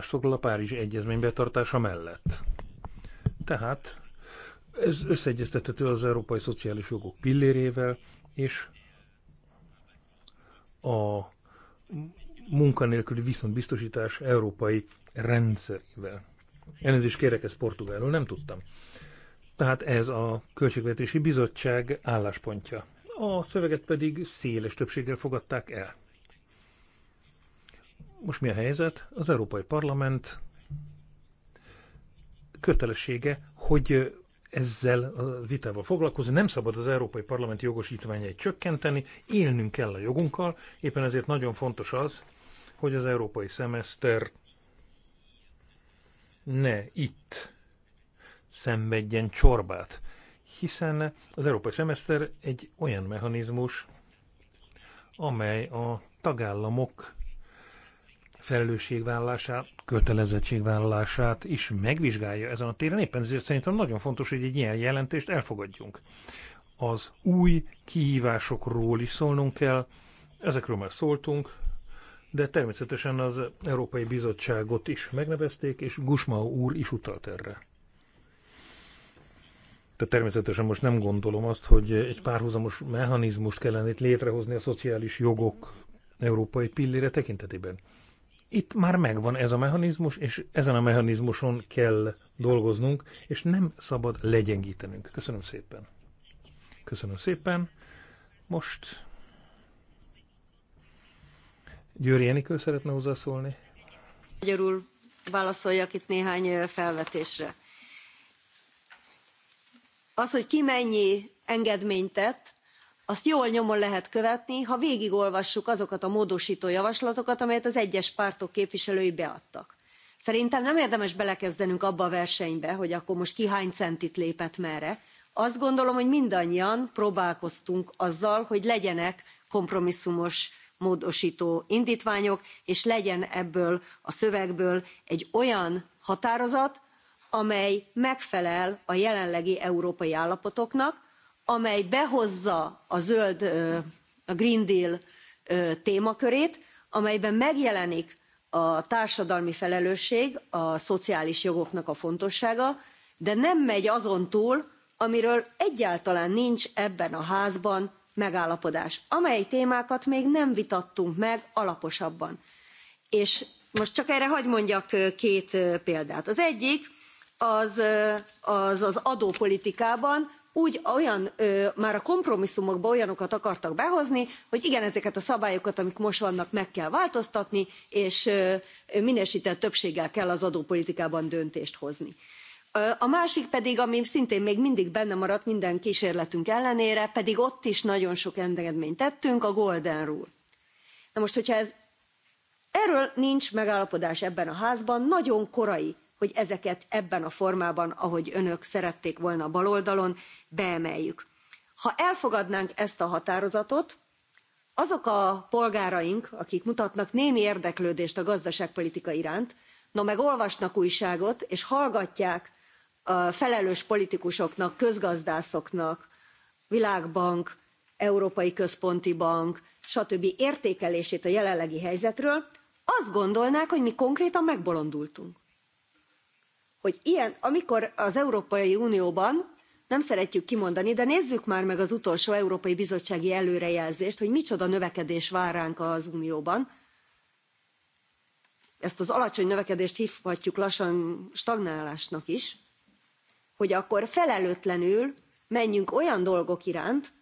foglal a Párizsi Egyezmény betartása mellett. Tehát ez összeegyeztethető az európai szociális jogok pillérével, és a munkanélküli viszontbiztosítás európai rendszerével. Elnézést kérek, ez portugálról, nem tudtam. Tehát ez a Költségvetési Bizottság álláspontja. A szöveget pedig széles többséggel fogadták el. Most mi a helyzet? Az Európai Parlament kötelessége, hogy ezzel a vitával foglalkozni. Nem szabad az Európai Parlament jogosítványait csökkenteni, élnünk kell a jogunkkal, éppen ezért nagyon fontos az, hogy az európai szemeszter ne itt szenvedjen csorbát, hiszen az európai szemeszter egy olyan mechanizmus, amely a tagállamok felelősségvállását kötelezettségvállalását is megvizsgálja ezen a téren. Éppen ezért szerintem nagyon fontos, hogy egy ilyen jelentést elfogadjunk. Az új kihívásokról is szólnunk kell, ezekről már szóltunk, de természetesen az Európai Bizottságot is megnevezték, és Gusmao úr is utalt erre. De természetesen most nem gondolom azt, hogy egy párhuzamos mechanizmust kellene itt létrehozni a szociális jogok európai pillére tekintetében itt már megvan ez a mechanizmus, és ezen a mechanizmuson kell dolgoznunk, és nem szabad legyengítenünk. Köszönöm szépen. Köszönöm szépen. Most Győri Enikő szeretne hozzászólni. Magyarul válaszoljak itt néhány felvetésre. Az, hogy ki mennyi engedményt tett, azt jól nyomon lehet követni ha végigolvassuk azokat a módostó javaslatokat amelyet az egyes pártok képviselői beadtak. szerintem nem érdemes belekezdenünk abba a versenybe hogy akkor most ki hány centit lépett merre azt gondolom hogy mindannyian próbálkoztunk azzal hogy legyenek kompromisszumos módostó indtványok és legyen ebből a szövegből egy olyan határozat amely megfelel a jelenlegi európai állapotoknak amely behozza a zöld, a Green Deal témakörét, amelyben megjelenik a társadalmi felelősség, a szociális jogoknak a fontossága, de nem megy azon túl, amiről egyáltalán nincs ebben a házban megállapodás, amely témákat még nem vitattunk meg alaposabban. És most csak erre hagy mondjak két példát. Az egyik az az, az adópolitikában úgy olyan ö, már a kompromisszumokba olyanokat akartak behozni hogy igen ezeket a szabályokat amik most vannak meg kell változtatni és ö, minőstett többséggel kell az adópolitikában döntést hozni. A másik pedig, ami szintén még mindig benne maradt minden kísérletünk ellenére, pedig ott is nagyon sok engedményt tettünk, a Golden Rule. Na most, hogyha ez, erről nincs megállapodás ebben a házban, nagyon korai hogy ezeket ebben a formában, ahogy önök szerették volna a baloldalon, beemeljük. Ha elfogadnánk ezt a határozatot, azok a polgáraink, akik mutatnak némi érdeklődést a gazdaságpolitika iránt, na meg olvasnak újságot, és hallgatják a felelős politikusoknak, közgazdászoknak, Világbank, Európai Központi Bank, stb. értékelését a jelenlegi helyzetről, azt gondolnák, hogy mi konkrétan megbolondultunk hogy ilyen, amikor az Európai Unióban nem szeretjük kimondani, de nézzük már meg az utolsó Európai Bizottsági előrejelzést, hogy micsoda növekedés vár ránk az Unióban. Ezt az alacsony növekedést hívhatjuk lassan stagnálásnak is, hogy akkor felelőtlenül menjünk olyan dolgok iránt,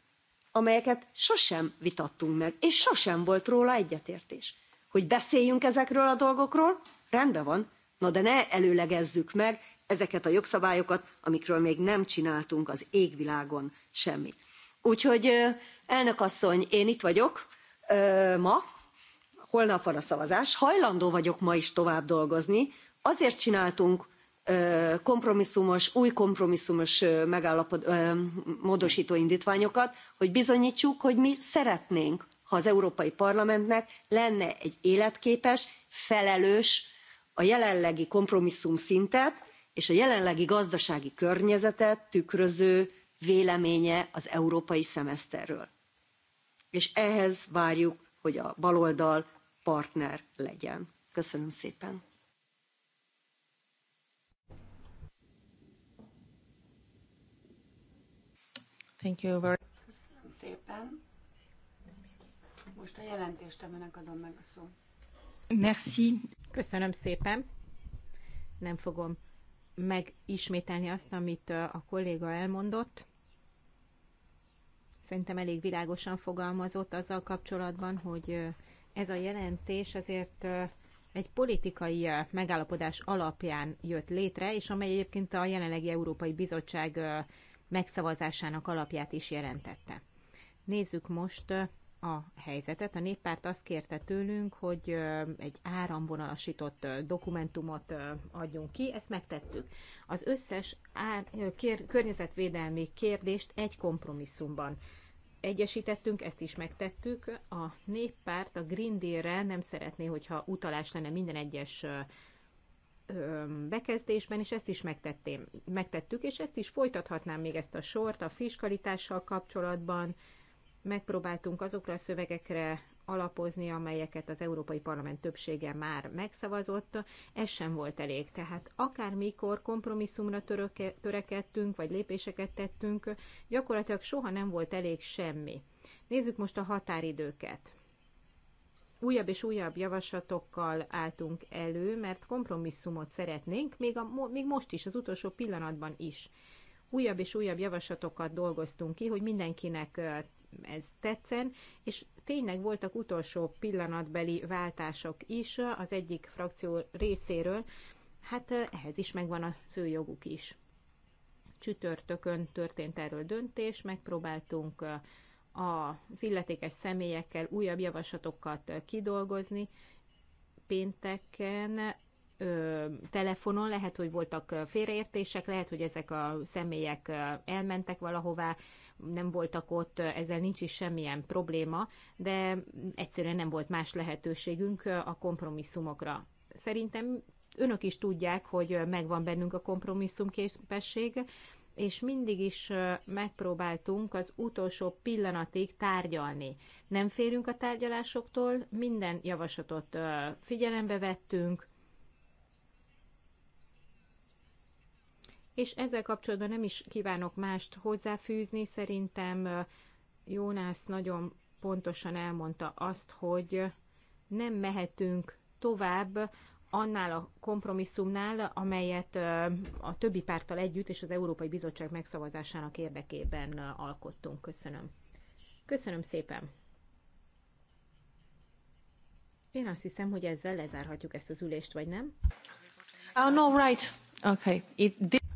amelyeket sosem vitattunk meg, és sosem volt róla egyetértés. Hogy beszéljünk ezekről a dolgokról, rendben van, na de ne előlegezzük meg ezeket a jogszabályokat amikről még nem csináltunk az égvilágon semmit. úgyhogy elnök asszony én itt vagyok ma holnap van a szavazás hajlandó vagyok ma is tovább dolgozni azért csináltunk kompromisszumos új kompromisszumos módostó indtványokat hogy bizonytsuk hogy mi szeretnénk ha az európai parlamentnek lenne egy életképes felelős a jelenlegi kompromisszumszintet és a jelenlegi gazdasági környezetet tükröző véleménye az európai szemeszterről. És ehhez várjuk, hogy a baloldal partner legyen. Köszönöm szépen! Thank you very Köszönöm szépen. Most a jelentéstevőnek adom meg a szót. Merci. Köszönöm szépen. Nem fogom megismételni azt, amit a kolléga elmondott. Szerintem elég világosan fogalmazott azzal kapcsolatban, hogy ez a jelentés azért egy politikai megállapodás alapján jött létre, és amely egyébként a jelenlegi Európai Bizottság megszavazásának alapját is jelentette. Nézzük most a helyzetet. A néppárt azt kérte tőlünk, hogy egy áramvonalasított dokumentumot adjunk ki, ezt megtettük. Az összes ár, kér, környezetvédelmi kérdést egy kompromisszumban egyesítettünk, ezt is megtettük. A néppárt a Green Deal-re nem szeretné, hogyha utalás lenne minden egyes bekezdésben, és ezt is megtettém, megtettük, és ezt is folytathatnám még ezt a sort a fiskalitással kapcsolatban, megpróbáltunk azokra a szövegekre alapozni, amelyeket az Európai Parlament többsége már megszavazott, ez sem volt elég. Tehát akármikor kompromisszumra töröke, törekedtünk, vagy lépéseket tettünk, gyakorlatilag soha nem volt elég semmi. Nézzük most a határidőket. Újabb és újabb javaslatokkal álltunk elő, mert kompromisszumot szeretnénk, még, a, még most is, az utolsó pillanatban is újabb és újabb javaslatokat dolgoztunk ki, hogy mindenkinek ez tetszen, és tényleg voltak utolsó pillanatbeli váltások is az egyik frakció részéről, hát eh, ehhez is megvan a ő joguk is. Csütörtökön történt erről döntés, megpróbáltunk eh, az illetékes személyekkel újabb javaslatokat eh, kidolgozni. Pénteken ö, telefonon, lehet, hogy voltak félreértések, lehet, hogy ezek a személyek elmentek valahová, nem voltak ott, ezzel nincs is semmilyen probléma, de egyszerűen nem volt más lehetőségünk a kompromisszumokra. Szerintem önök is tudják, hogy megvan bennünk a képesség, és mindig is megpróbáltunk az utolsó pillanatig tárgyalni. Nem férünk a tárgyalásoktól, minden javaslatot figyelembe vettünk, és ezzel kapcsolatban nem is kívánok mást hozzáfűzni. Szerintem Jónász nagyon pontosan elmondta azt, hogy nem mehetünk tovább annál a kompromisszumnál, amelyet a többi párttal együtt és az Európai Bizottság megszavazásának érdekében alkottunk. Köszönöm. Köszönöm szépen. Én azt hiszem, hogy ezzel lezárhatjuk ezt az ülést, vagy nem? Oh, no, right. Okay. It did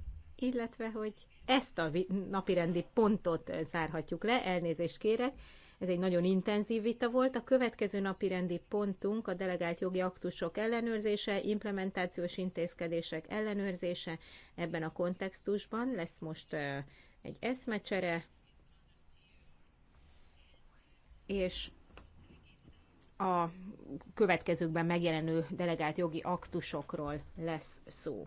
illetve hogy ezt a napirendi pontot eh, zárhatjuk le, elnézést kérek, ez egy nagyon intenzív vita volt. A következő napirendi pontunk a delegált jogi aktusok ellenőrzése, implementációs intézkedések ellenőrzése. Ebben a kontextusban lesz most eh, egy eszmecsere, és a következőkben megjelenő delegált jogi aktusokról lesz szó.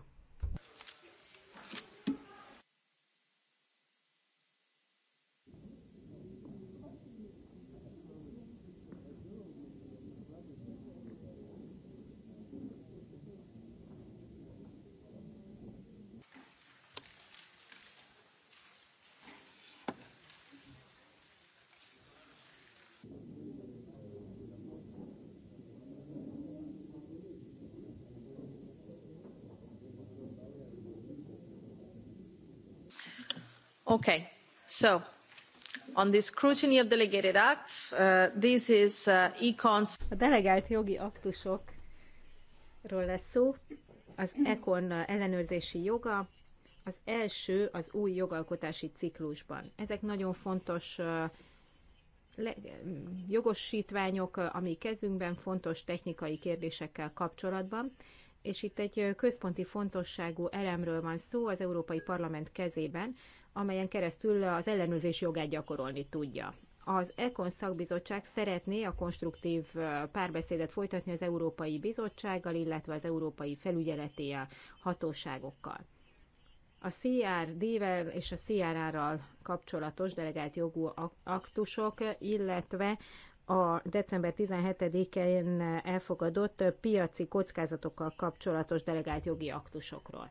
Okay, so on the scrutiny of delegated acts, uh, this is uh, econs. A delegált jogi aktusokról lesz szó. Az ECON ellenőrzési joga, az első az új jogalkotási ciklusban. Ezek nagyon fontos uh, jogosítványok, uh, ami kezünkben fontos technikai kérdésekkel kapcsolatban, és itt egy uh, központi fontosságú elemről van szó az Európai Parlament kezében, amelyen keresztül az ellenőrzés jogát gyakorolni tudja. Az ECON szakbizottság szeretné a konstruktív párbeszédet folytatni az Európai Bizottsággal, illetve az Európai Felügyeleti Hatóságokkal. A CRD-vel és a CRR-ral kapcsolatos delegált jogú aktusok, illetve a december 17-én elfogadott piaci kockázatokkal kapcsolatos delegált jogi aktusokról.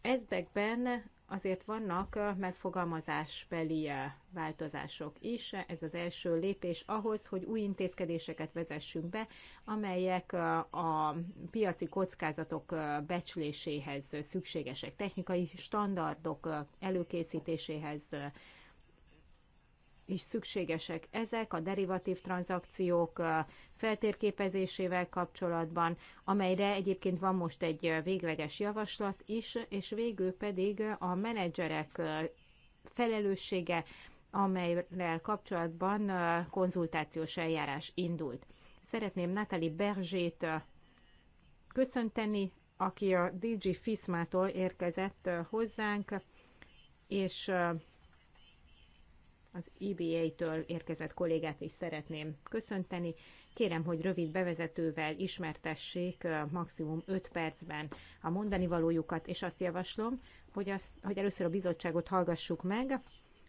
Ezekben azért vannak megfogalmazásbeli változások is. Ez az első lépés ahhoz, hogy új intézkedéseket vezessünk be, amelyek a piaci kockázatok becsléséhez szükségesek, technikai standardok előkészítéséhez is szükségesek ezek a derivatív tranzakciók feltérképezésével kapcsolatban, amelyre egyébként van most egy végleges javaslat is, és végül pedig a menedzserek felelőssége, amelyrel kapcsolatban konzultációs eljárás indult. Szeretném Nathalie Berzsét köszönteni, aki a DG Fismától érkezett hozzánk, és az EBA-től érkezett kollégát is szeretném köszönteni. Kérem, hogy rövid bevezetővel ismertessék maximum 5 percben a mondani valójukat, és azt javaslom, hogy, az, hogy először a bizottságot hallgassuk meg,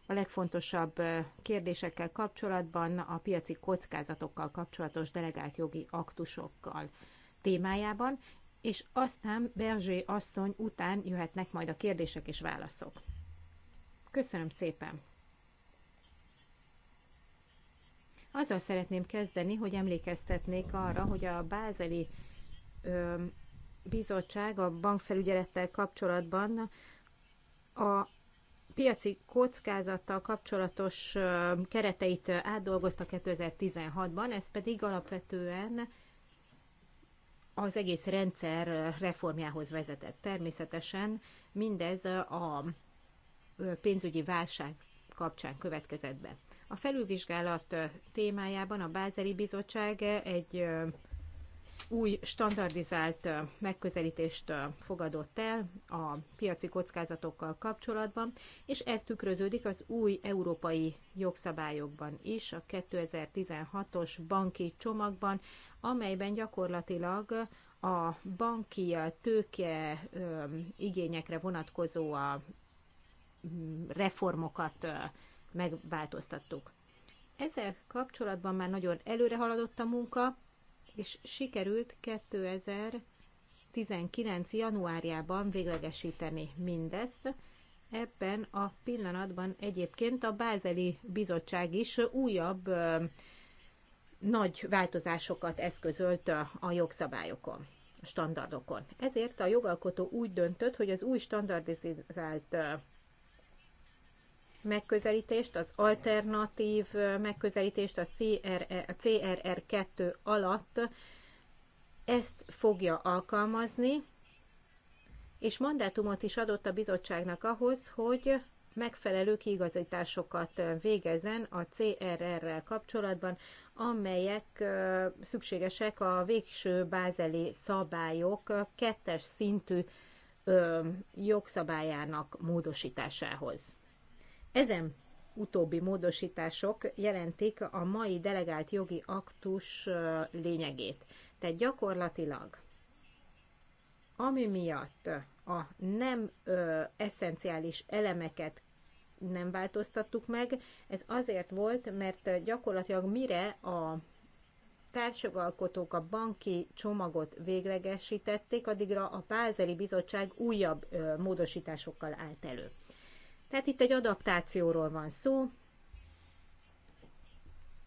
a legfontosabb kérdésekkel kapcsolatban, a piaci kockázatokkal kapcsolatos delegált jogi aktusokkal témájában, és aztán Berzsé asszony után jöhetnek majd a kérdések és válaszok. Köszönöm szépen! Azzal szeretném kezdeni, hogy emlékeztetnék arra, hogy a bázeli ö, bizottság a bankfelügyelettel kapcsolatban a piaci kockázattal kapcsolatos kereteit átdolgozta 2016-ban, ez pedig alapvetően az egész rendszer reformjához vezetett. Természetesen mindez a pénzügyi válság kapcsán következett be. A felülvizsgálat témájában a Bázeli Bizottság egy új standardizált megközelítést fogadott el a piaci kockázatokkal kapcsolatban, és ez tükröződik az új európai jogszabályokban is, a 2016-os banki csomagban, amelyben gyakorlatilag a banki tőke igényekre vonatkozó a reformokat megváltoztattuk. Ezzel kapcsolatban már nagyon előre haladott a munka, és sikerült 2019. januárjában véglegesíteni mindezt. Ebben a pillanatban egyébként a Bázeli Bizottság is újabb nagy változásokat eszközölt a jogszabályokon, standardokon. Ezért a jogalkotó úgy döntött, hogy az új standardizált megközelítést, az alternatív megközelítést a, CRR, 2 e, alatt ezt fogja alkalmazni, és mandátumot is adott a bizottságnak ahhoz, hogy megfelelő kiigazításokat végezzen a CRR-rel kapcsolatban, amelyek szükségesek a végső bázeli szabályok kettes szintű jogszabályának módosításához. Ezen utóbbi módosítások jelentik a mai delegált jogi aktus lényegét. Tehát gyakorlatilag, ami miatt a nem ö, eszenciális elemeket nem változtattuk meg, ez azért volt, mert gyakorlatilag mire a társjogalkotók a banki csomagot véglegesítették, addigra a Pázeli Bizottság újabb ö, módosításokkal állt elő. Tehát itt egy adaptációról van szó.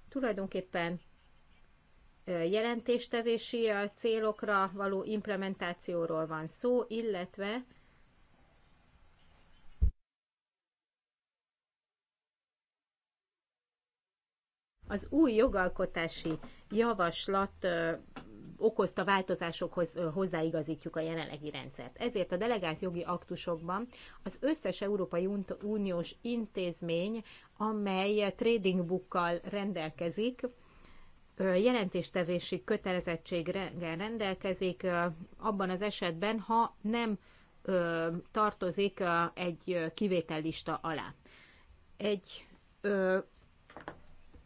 Tulajdonképpen jelentéstevési célokra való implementációról van szó, illetve az új jogalkotási javaslat okozta változásokhoz hozzáigazítjuk a jelenlegi rendszert. Ezért a delegált jogi aktusokban az összes Európai Uniós intézmény, amely trading bookkal rendelkezik, jelentéstevési kötelezettségre rendelkezik abban az esetben, ha nem tartozik egy kivétellista alá. Egy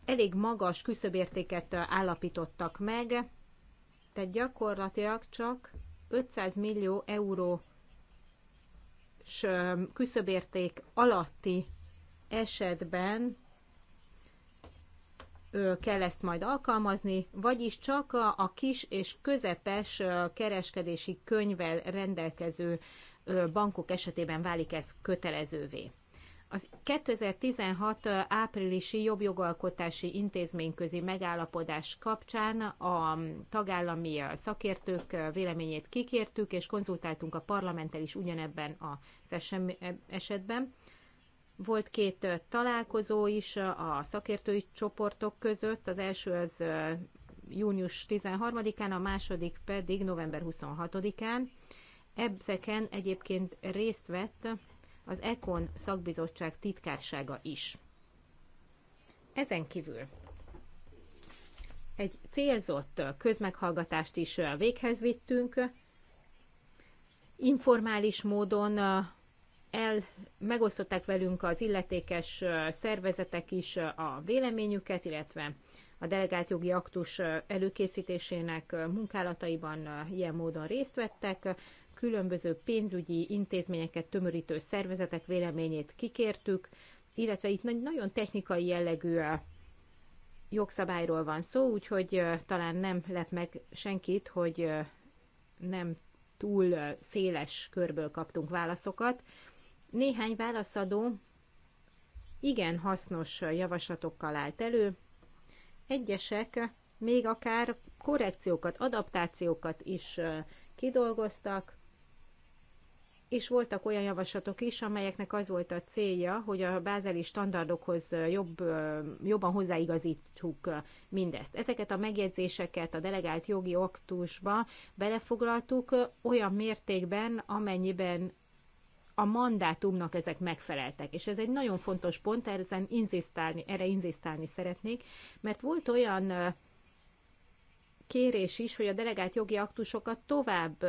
elég magas küszöbértéket állapítottak meg, tehát gyakorlatilag csak 500 millió euró küszöbérték alatti esetben kell ezt majd alkalmazni, vagyis csak a kis és közepes kereskedési könyvvel rendelkező bankok esetében válik ez kötelezővé. Az 2016 áprilisi jobbjogalkotási intézményközi megállapodás kapcsán a tagállami szakértők véleményét kikértük, és konzultáltunk a parlamenttel is ugyanebben az e, esetben. Volt két találkozó is a szakértői csoportok között, az első az június 13-án, a második pedig november 26-án. Ezeken egyébként részt vett az ECON szakbizottság titkársága is. Ezen kívül egy célzott közmeghallgatást is véghez vittünk, informális módon el, megosztották velünk az illetékes szervezetek is a véleményüket, illetve a delegált jogi aktus előkészítésének munkálataiban ilyen módon részt vettek különböző pénzügyi intézményeket tömörítő szervezetek véleményét kikértük, illetve itt nagyon technikai jellegű jogszabályról van szó, úgyhogy talán nem lep meg senkit, hogy nem túl széles körből kaptunk válaszokat. Néhány válaszadó igen hasznos javaslatokkal állt elő, egyesek még akár korrekciókat, adaptációkat is kidolgoztak, és voltak olyan javaslatok is, amelyeknek az volt a célja, hogy a bázeli standardokhoz jobb, jobban hozzáigazítsuk mindezt. Ezeket a megjegyzéseket a delegált jogi aktusba belefoglaltuk olyan mértékben, amennyiben a mandátumnak ezek megfeleltek. És ez egy nagyon fontos pont, ezen inzisztálni, erre inzisztálni szeretnék, mert volt olyan kérés is, hogy a delegált jogi aktusokat tovább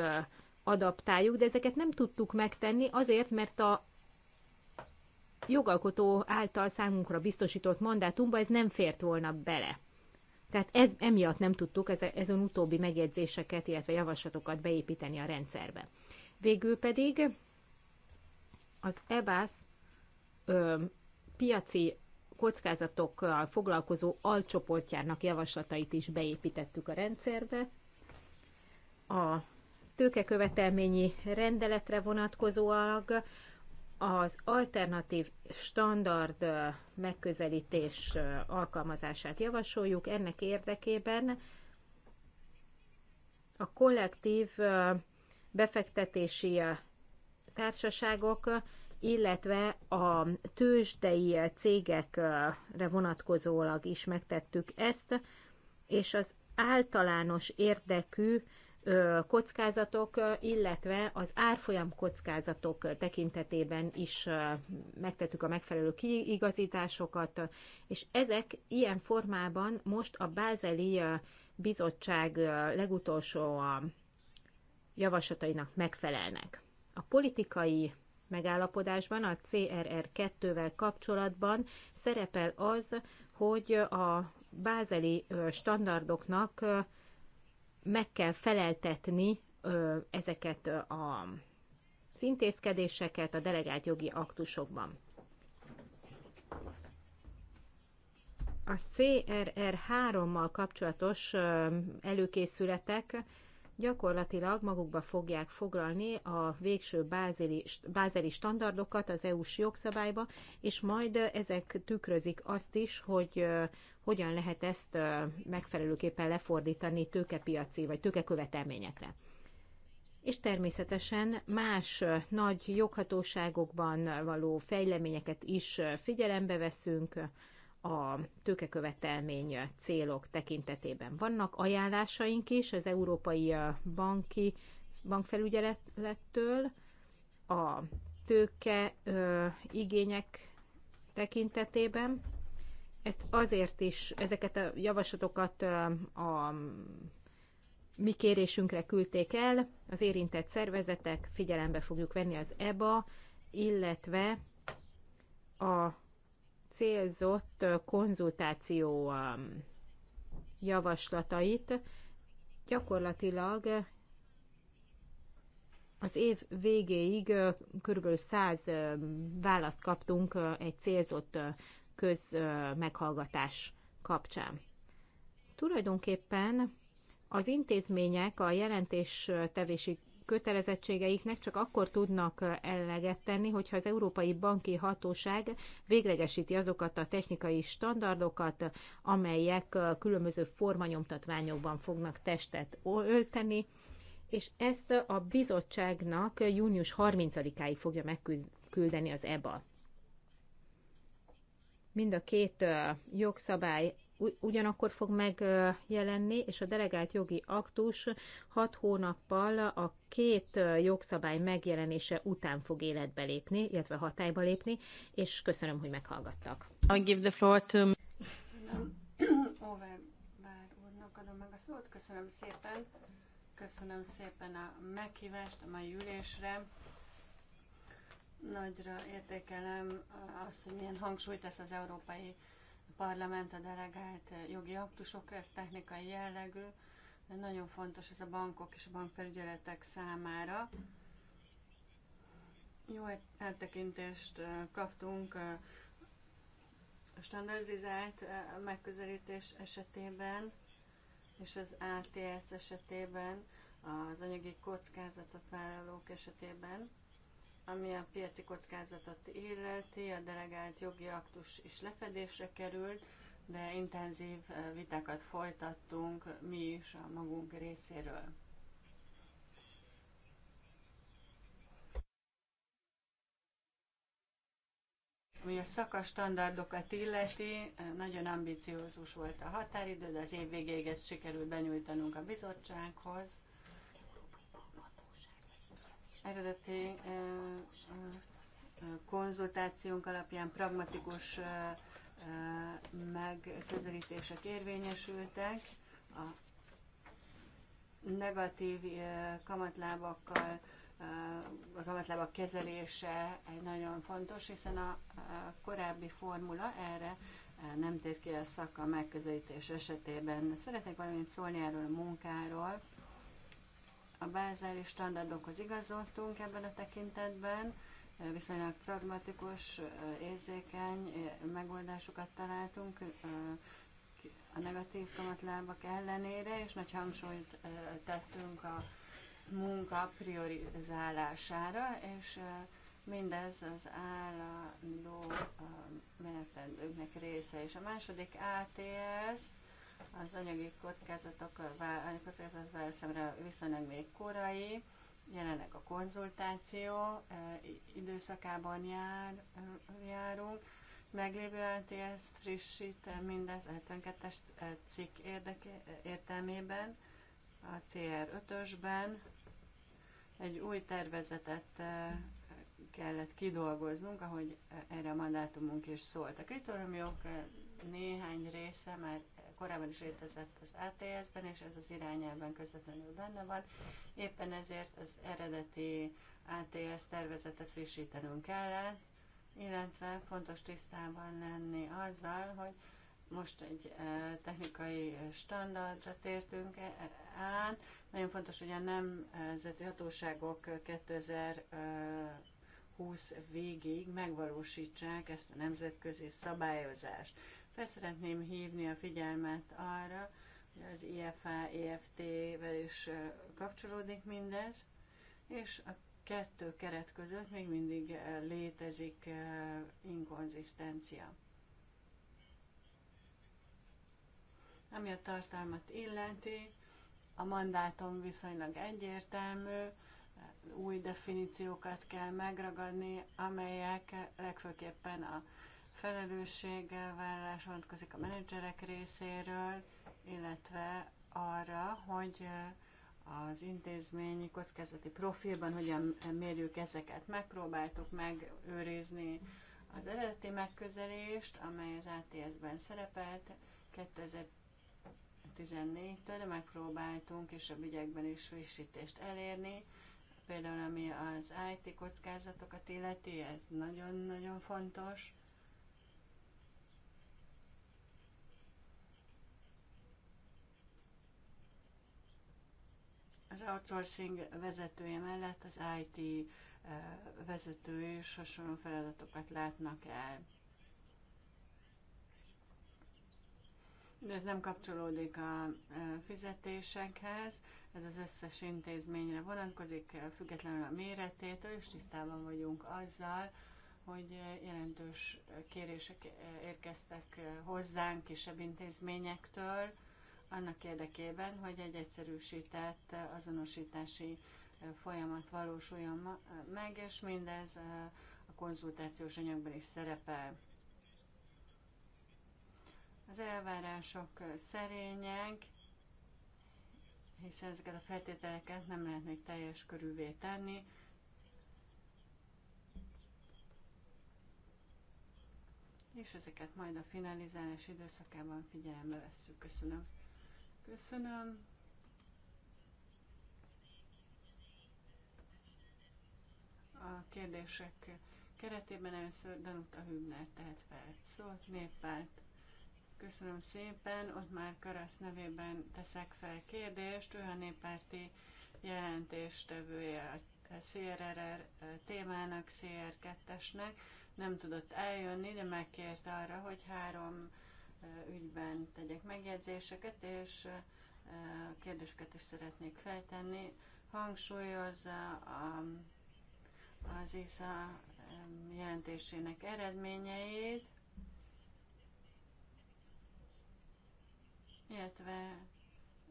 adaptáljuk, de ezeket nem tudtuk megtenni azért, mert a jogalkotó által számunkra biztosított mandátumba ez nem fért volna bele. Tehát ez, emiatt nem tudtuk ezen utóbbi megjegyzéseket, illetve javaslatokat beépíteni a rendszerbe. Végül pedig az EBASZ ö, piaci kockázatokkal foglalkozó alcsoportjának javaslatait is beépítettük a rendszerbe. A tőkekövetelményi rendeletre vonatkozólag az alternatív standard megközelítés alkalmazását javasoljuk. Ennek érdekében a kollektív befektetési társaságok, illetve a tőzsdei cégekre vonatkozólag is megtettük ezt, és az általános érdekű kockázatok, illetve az árfolyam kockázatok tekintetében is megtettük a megfelelő kiigazításokat, és ezek ilyen formában most a Bázeli Bizottság legutolsó javaslatainak megfelelnek. A politikai megállapodásban a CRR2-vel kapcsolatban szerepel az, hogy a bázeli standardoknak meg kell feleltetni ezeket a az intézkedéseket a delegált jogi aktusokban. A CRR3-mal kapcsolatos előkészületek gyakorlatilag magukba fogják foglalni a végső bázeli, bázeli standardokat az EU-s jogszabályba, és majd ezek tükrözik azt is, hogy hogyan lehet ezt megfelelőképpen lefordítani tőkepiaci vagy tőkekövetelményekre. És természetesen más nagy joghatóságokban való fejleményeket is figyelembe veszünk, a tőkekövetelmény célok tekintetében. Vannak ajánlásaink is az Európai Banki Bankfelügyelettől a tőke ö, igények tekintetében. Ezt azért is, ezeket a javaslatokat ö, a mi kérésünkre küldték el, az érintett szervezetek, figyelembe fogjuk venni az EBA, illetve a célzott konzultáció javaslatait gyakorlatilag az év végéig kb. 100 választ kaptunk egy célzott közmeghallgatás kapcsán. Tulajdonképpen az intézmények a jelentéstevési kötelezettségeiknek csak akkor tudnak eleget tenni, hogyha az Európai Banki Hatóság véglegesíti azokat a technikai standardokat, amelyek különböző formanyomtatványokban fognak testet ölteni, és ezt a bizottságnak június 30-áig fogja megküldeni az EBA. Mind a két jogszabály ugyanakkor fog megjelenni, és a delegált jogi aktus hat hónappal a két jogszabály megjelenése után fog életbe lépni, illetve hatályba lépni, és köszönöm, hogy meghallgattak. I give the floor to... Köszönöm. adom meg a szót. Köszönöm szépen. Köszönöm szépen a meghívást a mai ülésre. Nagyra értékelem azt, hogy milyen hangsúlyt tesz az európai uh, parlament a delegált jogi aktusokra, ez technikai jellegű, de nagyon fontos ez a bankok és a bankfelügyeletek számára. Jó áttekintést kaptunk a standardizált megközelítés esetében, és az ATS esetében, az anyagi kockázatot vállalók esetében. Ami a piaci kockázatot illeti, a delegált jogi aktus is lefedésre került, de intenzív vitákat folytattunk mi is a magunk részéről. Ami a szakas standardokat illeti, nagyon ambiciózus volt a határidő, de az év végéig ezt sikerült benyújtanunk a bizottsághoz eredeti konzultációnk alapján pragmatikus megközelítések érvényesültek. A negatív kamatlábakkal a kamatlábak kezelése egy nagyon fontos, hiszen a korábbi formula erre nem tért ki a szaka megközelítés esetében. Szeretnék valamint szólni erről a munkáról, a bázári standardokhoz igazoltunk ebben a tekintetben, viszonylag pragmatikus, érzékeny eh, megoldásokat találtunk eh, a negatív kamatlábak ellenére, és nagy hangsúlyt eh, tettünk a munka priorizálására, és mindez az állandó menetrendünknek része. És a második ATS az anyagi kockázatok, a kockázat válaszomra viszonylag még korai, jelenleg a konzultáció e, időszakában jár, járunk, meglévő LTS frissít mindez 72-es e, cikk érdeke, e, értelmében, a CR5-ösben egy új tervezetet kellett kidolgoznunk, ahogy erre a mandátumunk is szólt. A kritériumok néhány része már korábban is létezett az ATS-ben, és ez az irányelben közvetlenül benne van. Éppen ezért az eredeti ATS tervezetet frissítenünk kellett, illetve fontos tisztában lenni azzal, hogy most egy e, technikai standardra tértünk e, át. Nagyon fontos, hogy a nemzeti hatóságok 2020 e, végig megvalósítsák ezt a nemzetközi szabályozást szeretném hívni a figyelmet arra, hogy az IFA, EFT-vel is kapcsolódik mindez, és a kettő keret között még mindig létezik inkonzisztencia. Ami a tartalmat illeti, a mandátum viszonylag egyértelmű, új definíciókat kell megragadni, amelyek legfőképpen a felelősségvállalás vonatkozik a menedzserek részéről, illetve arra, hogy az intézményi kockázati profilban hogyan mérjük ezeket. Megpróbáltuk megőrizni az eredeti megközelést, amely az ATS-ben szerepelt 2014-től, de megpróbáltunk és a ügyekben is frissítést elérni. Például ami az IT kockázatokat illeti, ez nagyon-nagyon fontos az outsourcing vezetője mellett az IT eh, vezető is hasonló feladatokat látnak el. De ez nem kapcsolódik a eh, fizetésekhez, ez az összes intézményre vonatkozik, eh, függetlenül a méretétől, és tisztában vagyunk azzal, hogy jelentős kérések érkeztek hozzánk kisebb intézményektől, annak érdekében, hogy egy egyszerűsített azonosítási folyamat valósuljon meg, és mindez a konzultációs anyagban is szerepel. Az elvárások szerények, hiszen ezeket a feltételeket nem lehet még teljes körülvé tenni. És ezeket majd a finalizálás időszakában figyelembe vesszük. Köszönöm. Köszönöm. A kérdések keretében először Danuta Hübner tehet fel szót, néppárt. Köszönöm szépen, ott már Karasz nevében teszek fel kérdést, ő a néppárti jelentéstevője a CRR témának, CR2-esnek, nem tudott eljönni, de megkérte arra, hogy három ügyben tegyek megjegyzéseket, és kérdéseket is szeretnék feltenni. Hangsúlyozza az ISA jelentésének eredményeit, illetve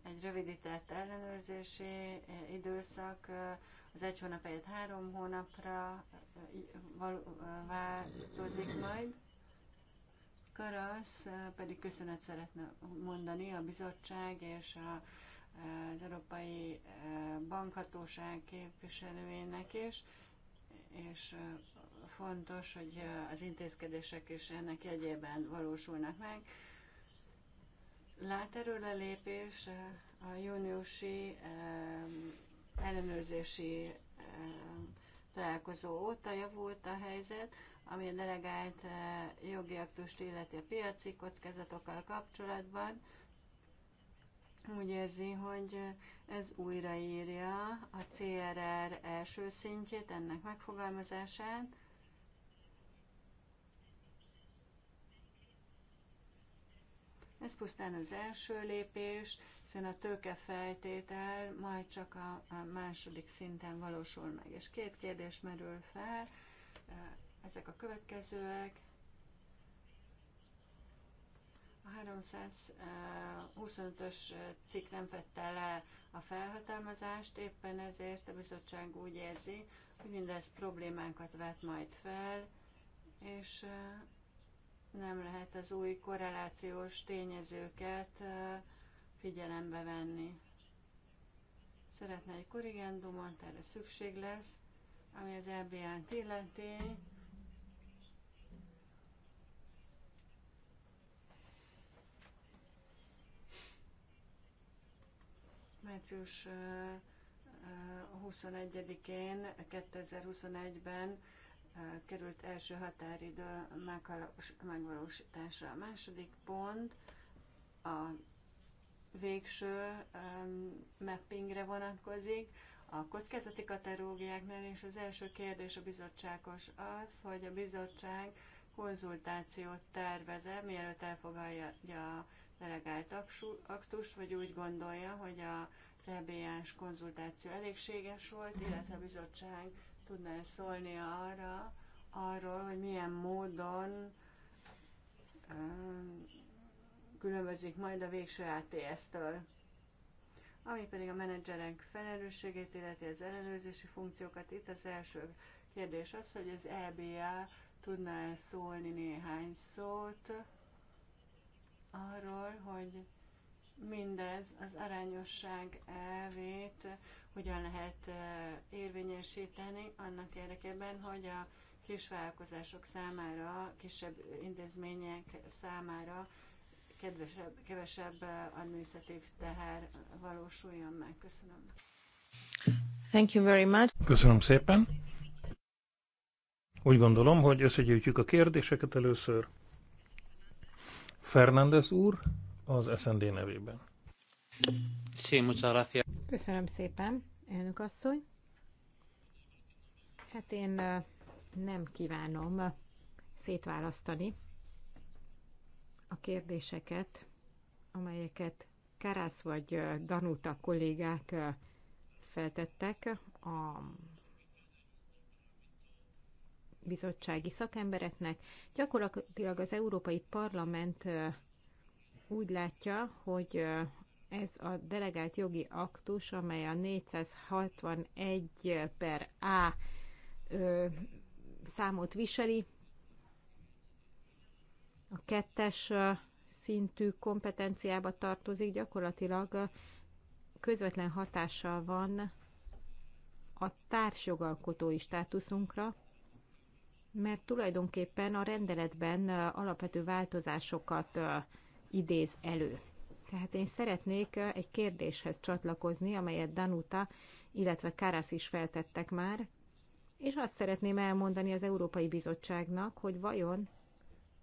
egy rövidített ellenőrzési időszak az egy hónap helyett három hónapra változik majd. Karasz eh, pedig köszönet szeretne mondani a bizottság és a, eh, az Európai eh, Bankhatóság képviselőjének is, és fontos, hogy az intézkedések is ennek jegyében valósulnak meg. Lát előrelépés a júniusi ellenőrzési találkozó óta javult a helyzet, ami a delegált eh, jogi aktust illeti a piaci kockázatokkal kapcsolatban. Úgy érzi, hogy ez újraírja a CRR első szintjét, ennek megfogalmazását, Ez pusztán az első lépés, hiszen a tőkefeltétel majd csak a, második szinten valósul meg. És két kérdés merül fel ezek a következőek. A 325-ös cikk nem fette le a felhatalmazást, éppen ezért a bizottság úgy érzi, hogy mindez problémánkat vet majd fel, és nem lehet az új korrelációs tényezőket figyelembe venni. Szeretne egy korrigendumot, erre szükség lesz, ami az LBN-t illeti. Március 21-én 2021-ben került első határidő megvalósításra. A második pont a végső mappingre vonatkozik. A kockázati kategóriáknál és az első kérdés a bizottságos az, hogy a bizottság konzultációt tervez-e, mielőtt elfogadja delegált aktus vagy úgy gondolja, hogy a rebélyás konzultáció elégséges volt, illetve a bizottság tudná szólni arra, arról, hogy milyen módon különbözik majd a végső ATS-től. Ami pedig a menedzserek felelősségét illeti az ellenőrzési funkciókat, itt az első kérdés az, hogy az EBA tudná -e szólni néhány szót arról, hogy mindez az arányosság elvét hogyan lehet eh, érvényesíteni annak érdekében, hogy a kisvállalkozások számára, kisebb intézmények számára kedvesebb, kevesebb eh, administratív teher valósuljon meg. Köszönöm. Thank you very much. Köszönöm szépen. Úgy gondolom, hogy összegyűjtjük a kérdéseket először. Fernández úr az SND nevében. Sí, muchas gracias. Köszönöm szépen, elnök asszony. Hát én nem kívánom szétválasztani a kérdéseket, amelyeket Karász vagy Danuta kollégák feltettek a bizottsági szakembereknek. Gyakorlatilag az Európai Parlament úgy látja, hogy ez a delegált jogi aktus, amely a 461 per A számot viseli, a kettes szintű kompetenciába tartozik, gyakorlatilag közvetlen hatással van a társjogalkotói státuszunkra, mert tulajdonképpen a rendeletben alapvető változásokat idéz elő. Tehát én szeretnék egy kérdéshez csatlakozni, amelyet Danuta, illetve Karasz is feltettek már, és azt szeretném elmondani az Európai Bizottságnak, hogy vajon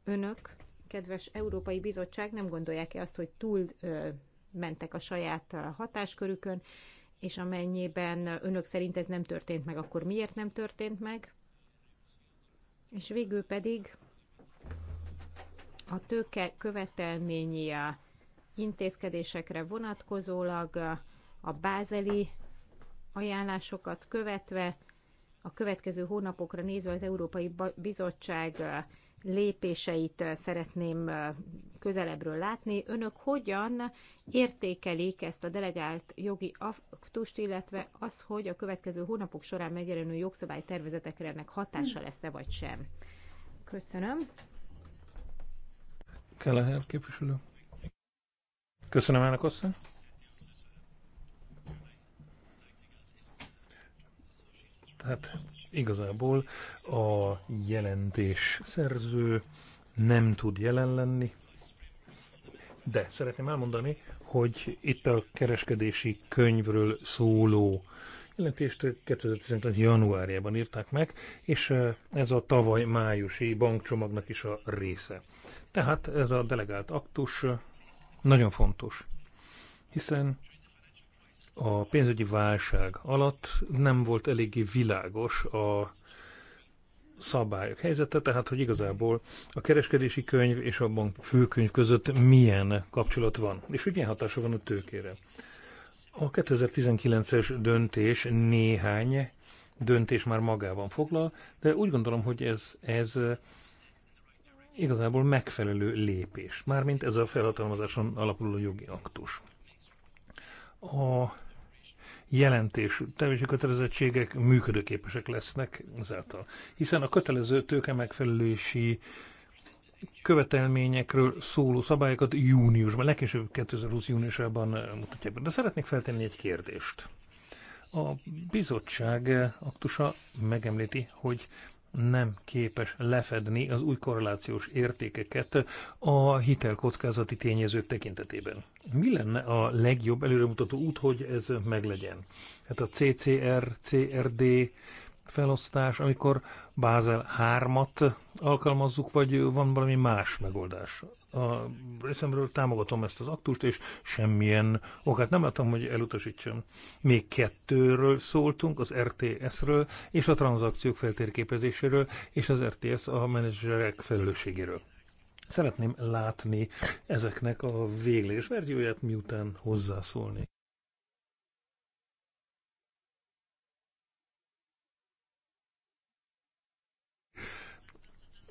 önök, kedves Európai Bizottság, nem gondolják-e azt, hogy túl ö, mentek a saját hatáskörükön, és amennyiben önök szerint ez nem történt meg, akkor miért nem történt meg? És végül pedig a tőke követelményi intézkedésekre vonatkozólag a bázeli ajánlásokat követve a következő hónapokra nézve az Európai Bizottság lépéseit szeretném közelebbről látni. Önök hogyan értékelik ezt a delegált jogi aktust, illetve az, hogy a következő hónapok során megjelenő jogszabálytervezetekre ennek hatása lesz-e vagy sem? Köszönöm. Keleher képviselő. Köszönöm, elnök asszony. Tehát Igazából a jelentés szerző nem tud jelen lenni, de szeretném elmondani, hogy itt a kereskedési könyvről szóló jelentést 2019. januárjában írták meg, és eh, ez a tavaly májusi bankcsomagnak is a része. Tehát ez a delegált aktus eh, nagyon fontos, hiszen a pénzügyi válság alatt nem volt eléggé világos a szabályok helyzete, tehát hogy igazából a kereskedési könyv és a bank főkönyv között milyen kapcsolat van, és hogy milyen hatása van a tőkére. A 2019-es döntés néhány döntés már magában foglal, de úgy gondolom, hogy ez, ez igazából megfelelő lépés, mármint ez a felhatalmazáson alapuló jogi aktus. A jelentésű tevési kötelezettségek működőképesek lesznek ezáltal. Hiszen a kötelező tőke megfelelési követelményekről szóló szabályokat júniusban, legkésőbb 2020 júniusában mutatják be. De szeretnék feltenni egy kérdést. A bizottság aktusa megemlíti, hogy nem képes lefedni az új korrelációs értékeket a hitelkockázati tényezők tekintetében. Mi lenne a legjobb előremutató út, hogy ez meglegyen? Hát a CCR, CRD felosztás, amikor Bázel 3-at alkalmazzuk, vagy van valami más megoldás? a részemről támogatom ezt az aktust, és semmilyen okát nem látom, hogy elutasítsam. Még kettőről szóltunk, az RTS-ről és a tranzakciók feltérképezéséről, és az RTS a menedzserek felelősségéről. Szeretném látni ezeknek a végleges verzióját, miután hozzászólnék.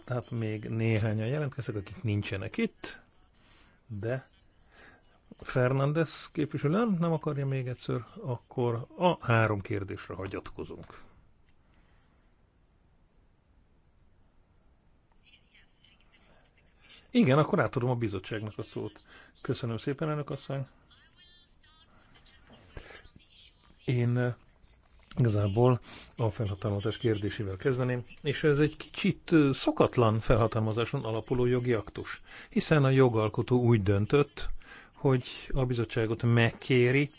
Tehát még néhányan jelentkeztek, akik nincsenek itt, de Fernandez képviselő nem, nem akarja még egyszer, akkor a három kérdésre hagyatkozunk. Igen, akkor átadom a bizottságnak a szót. Köszönöm szépen, elnök asszony. Én Igazából a felhatalmazás kérdésével kezdeném, és ez egy kicsit szokatlan felhatalmazáson alapuló jogi aktus, hiszen a jogalkotó úgy döntött, hogy a bizottságot megkéri,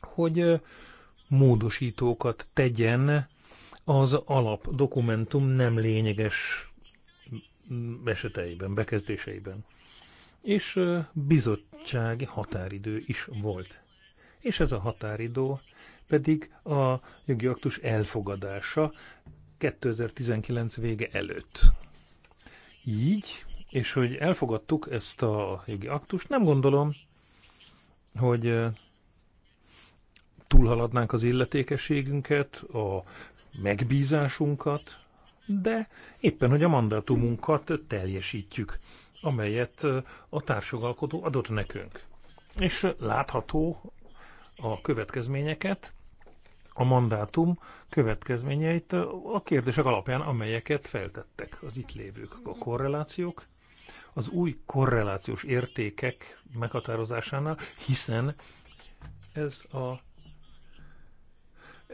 hogy módosítókat tegyen az alap dokumentum nem lényeges mm, eseteiben, bekezdéseiben. És bizottsági határidő is volt. És ez a határidő pedig a jogi aktus elfogadása 2019 vége előtt. Így, és hogy elfogadtuk ezt a jogi aktust, nem gondolom, hogy túlhaladnánk az illetékességünket, a megbízásunkat, de éppen, hogy a mandátumunkat teljesítjük, amelyet a társjogalkotó adott nekünk. És látható a következményeket, a mandátum következményeit a kérdések alapján, amelyeket feltettek az itt lévők. A korrelációk, az új korrelációs értékek meghatározásánál, hiszen ez a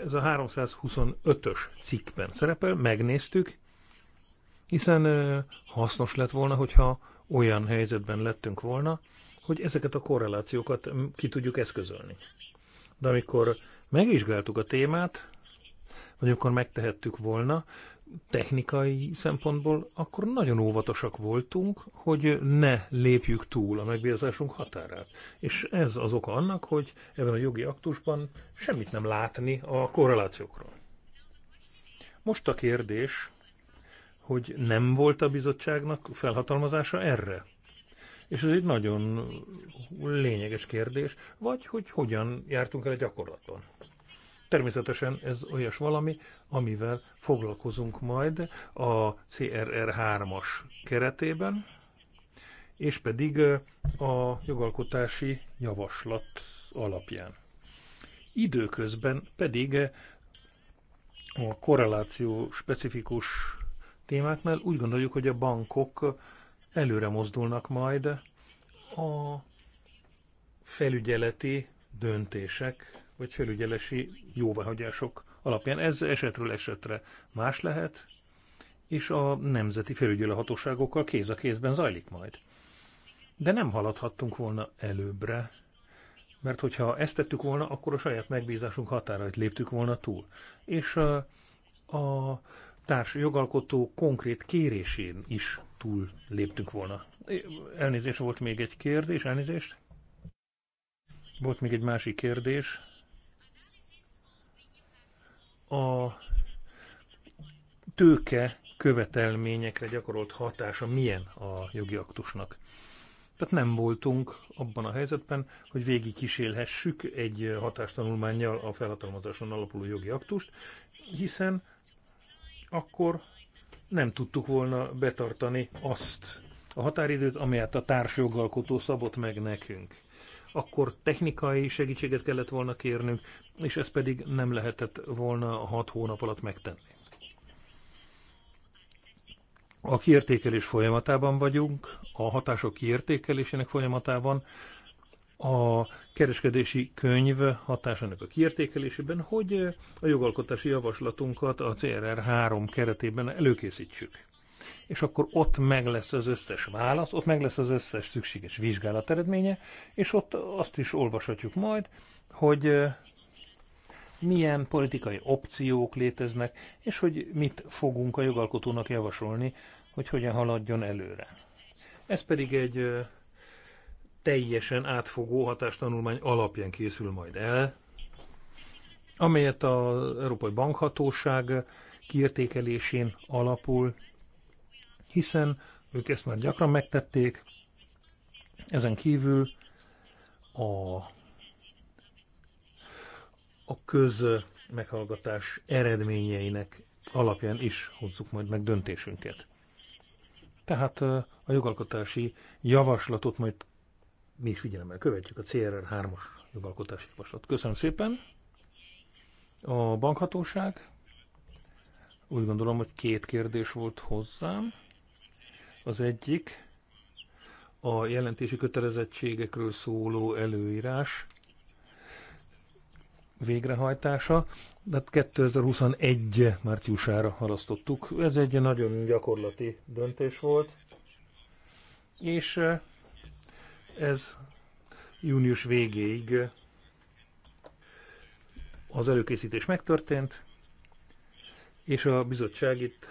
ez a 325-ös cikkben szerepel, megnéztük, hiszen hasznos lett volna, hogyha olyan helyzetben lettünk volna, hogy ezeket a korrelációkat ki tudjuk eszközölni. De amikor Megvizsgáltuk a témát, vagy akkor megtehettük volna, technikai szempontból, akkor nagyon óvatosak voltunk, hogy ne lépjük túl a megbízásunk határát. És ez az oka annak, hogy ebben a jogi aktusban semmit nem látni a korrelációkról. Most a kérdés, hogy nem volt a bizottságnak felhatalmazása erre? És ez egy nagyon lényeges kérdés, vagy hogy hogyan jártunk el a gyakorlaton. Természetesen ez olyas valami, amivel foglalkozunk majd a CRR3-as keretében, és pedig a jogalkotási javaslat alapján. Időközben pedig a korreláció specifikus témáknál úgy gondoljuk, hogy a bankok előre mozdulnak majd a felügyeleti döntések, vagy felügyelesi jóváhagyások alapján. Ez esetről esetre más lehet, és a nemzeti felügyelőhatóságokkal kéz a kézben zajlik majd. De nem haladhattunk volna előbbre, mert hogyha ezt tettük volna, akkor a saját megbízásunk határait léptük volna túl. És a, a társ jogalkotó konkrét kérésén is túl léptünk volna. Elnézést, volt még egy kérdés, elnézést. Volt még egy másik kérdés. A tőke követelményekre gyakorolt hatása milyen a jogi aktusnak? Tehát nem voltunk abban a helyzetben, hogy végig kísélhessük egy hatástanulmányjal a felhatalmazáson alapuló jogi aktust, hiszen akkor nem tudtuk volna betartani azt a határidőt, amelyet a társjogalkotó szabott meg nekünk. Akkor technikai segítséget kellett volna kérnünk, és ezt pedig nem lehetett volna a hat hónap alatt megtenni. A kiértékelés folyamatában vagyunk, a hatások kiértékelésének folyamatában, a kereskedési könyv hatásának a kiértékelésében, hogy a jogalkotási javaslatunkat a CRR3 keretében előkészítsük. És akkor ott meg lesz az összes válasz, ott meg lesz az összes szükséges vizsgálat eredménye, és ott azt is olvashatjuk majd, hogy milyen politikai opciók léteznek, és hogy mit fogunk a jogalkotónak javasolni, hogy hogyan haladjon előre. Ez pedig egy teljesen átfogó hatástanulmány alapján készül majd el, amelyet az Európai Bankhatóság kiértékelésén alapul, hiszen ők ezt már gyakran megtették, ezen kívül a, a köz meghallgatás eredményeinek alapján is hozzuk majd meg döntésünket. Tehát a jogalkotási javaslatot majd mi is figyelemmel követjük a CRR 3-as jogalkotási javaslat. Köszönöm szépen. A bankhatóság, úgy gondolom, hogy két kérdés volt hozzám. Az egyik a jelentési kötelezettségekről szóló előírás végrehajtása, de hát 2021 márciusára halasztottuk. Ez egy nagyon gyakorlati döntés volt, és ez június végéig az előkészítés megtörtént, és a bizottság itt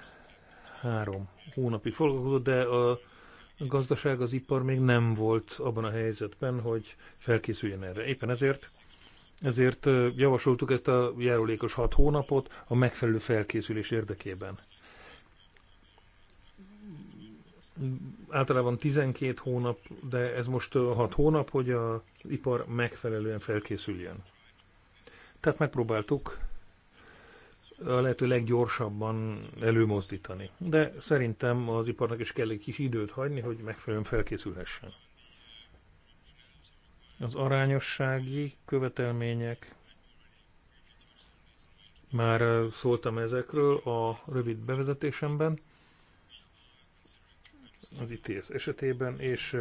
három hónapig foglalkozott, de a gazdaság, az ipar még nem volt abban a helyzetben, hogy felkészüljön erre. Éppen ezért ezért javasoltuk ezt a járulékos hat hónapot a megfelelő felkészülés érdekében általában 12 hónap, de ez most 6 hónap, hogy az ipar megfelelően felkészüljön. Tehát megpróbáltuk a lehető leggyorsabban előmozdítani. De szerintem az iparnak is kell egy kis időt hagyni, hogy megfelelően felkészülhessen. Az arányossági követelmények, már szóltam ezekről a rövid bevezetésemben, az ITS esetében, és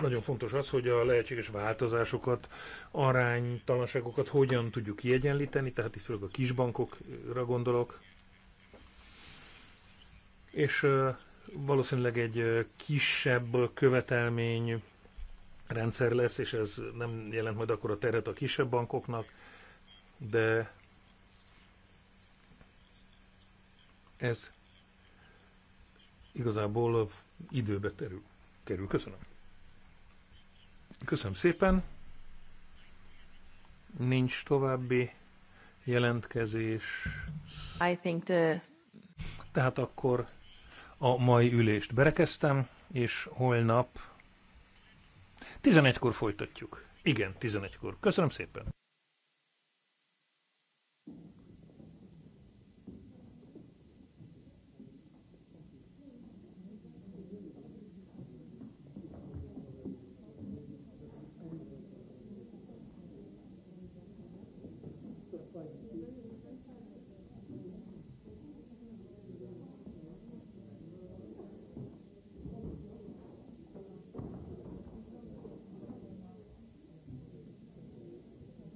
nagyon fontos az, hogy a lehetséges változásokat, aránytalanságokat hogyan tudjuk kiegyenlíteni, tehát itt főleg a kisbankokra gondolok. És valószínűleg egy kisebb követelmény rendszer lesz, és ez nem jelent majd akkor a teret a kisebb bankoknak, de ez igazából időbe terül. kerül. Köszönöm. Köszönöm szépen. Nincs további jelentkezés. I think the... Tehát akkor a mai ülést berekeztem, és holnap 11-kor folytatjuk. Igen, 11-kor. Köszönöm szépen.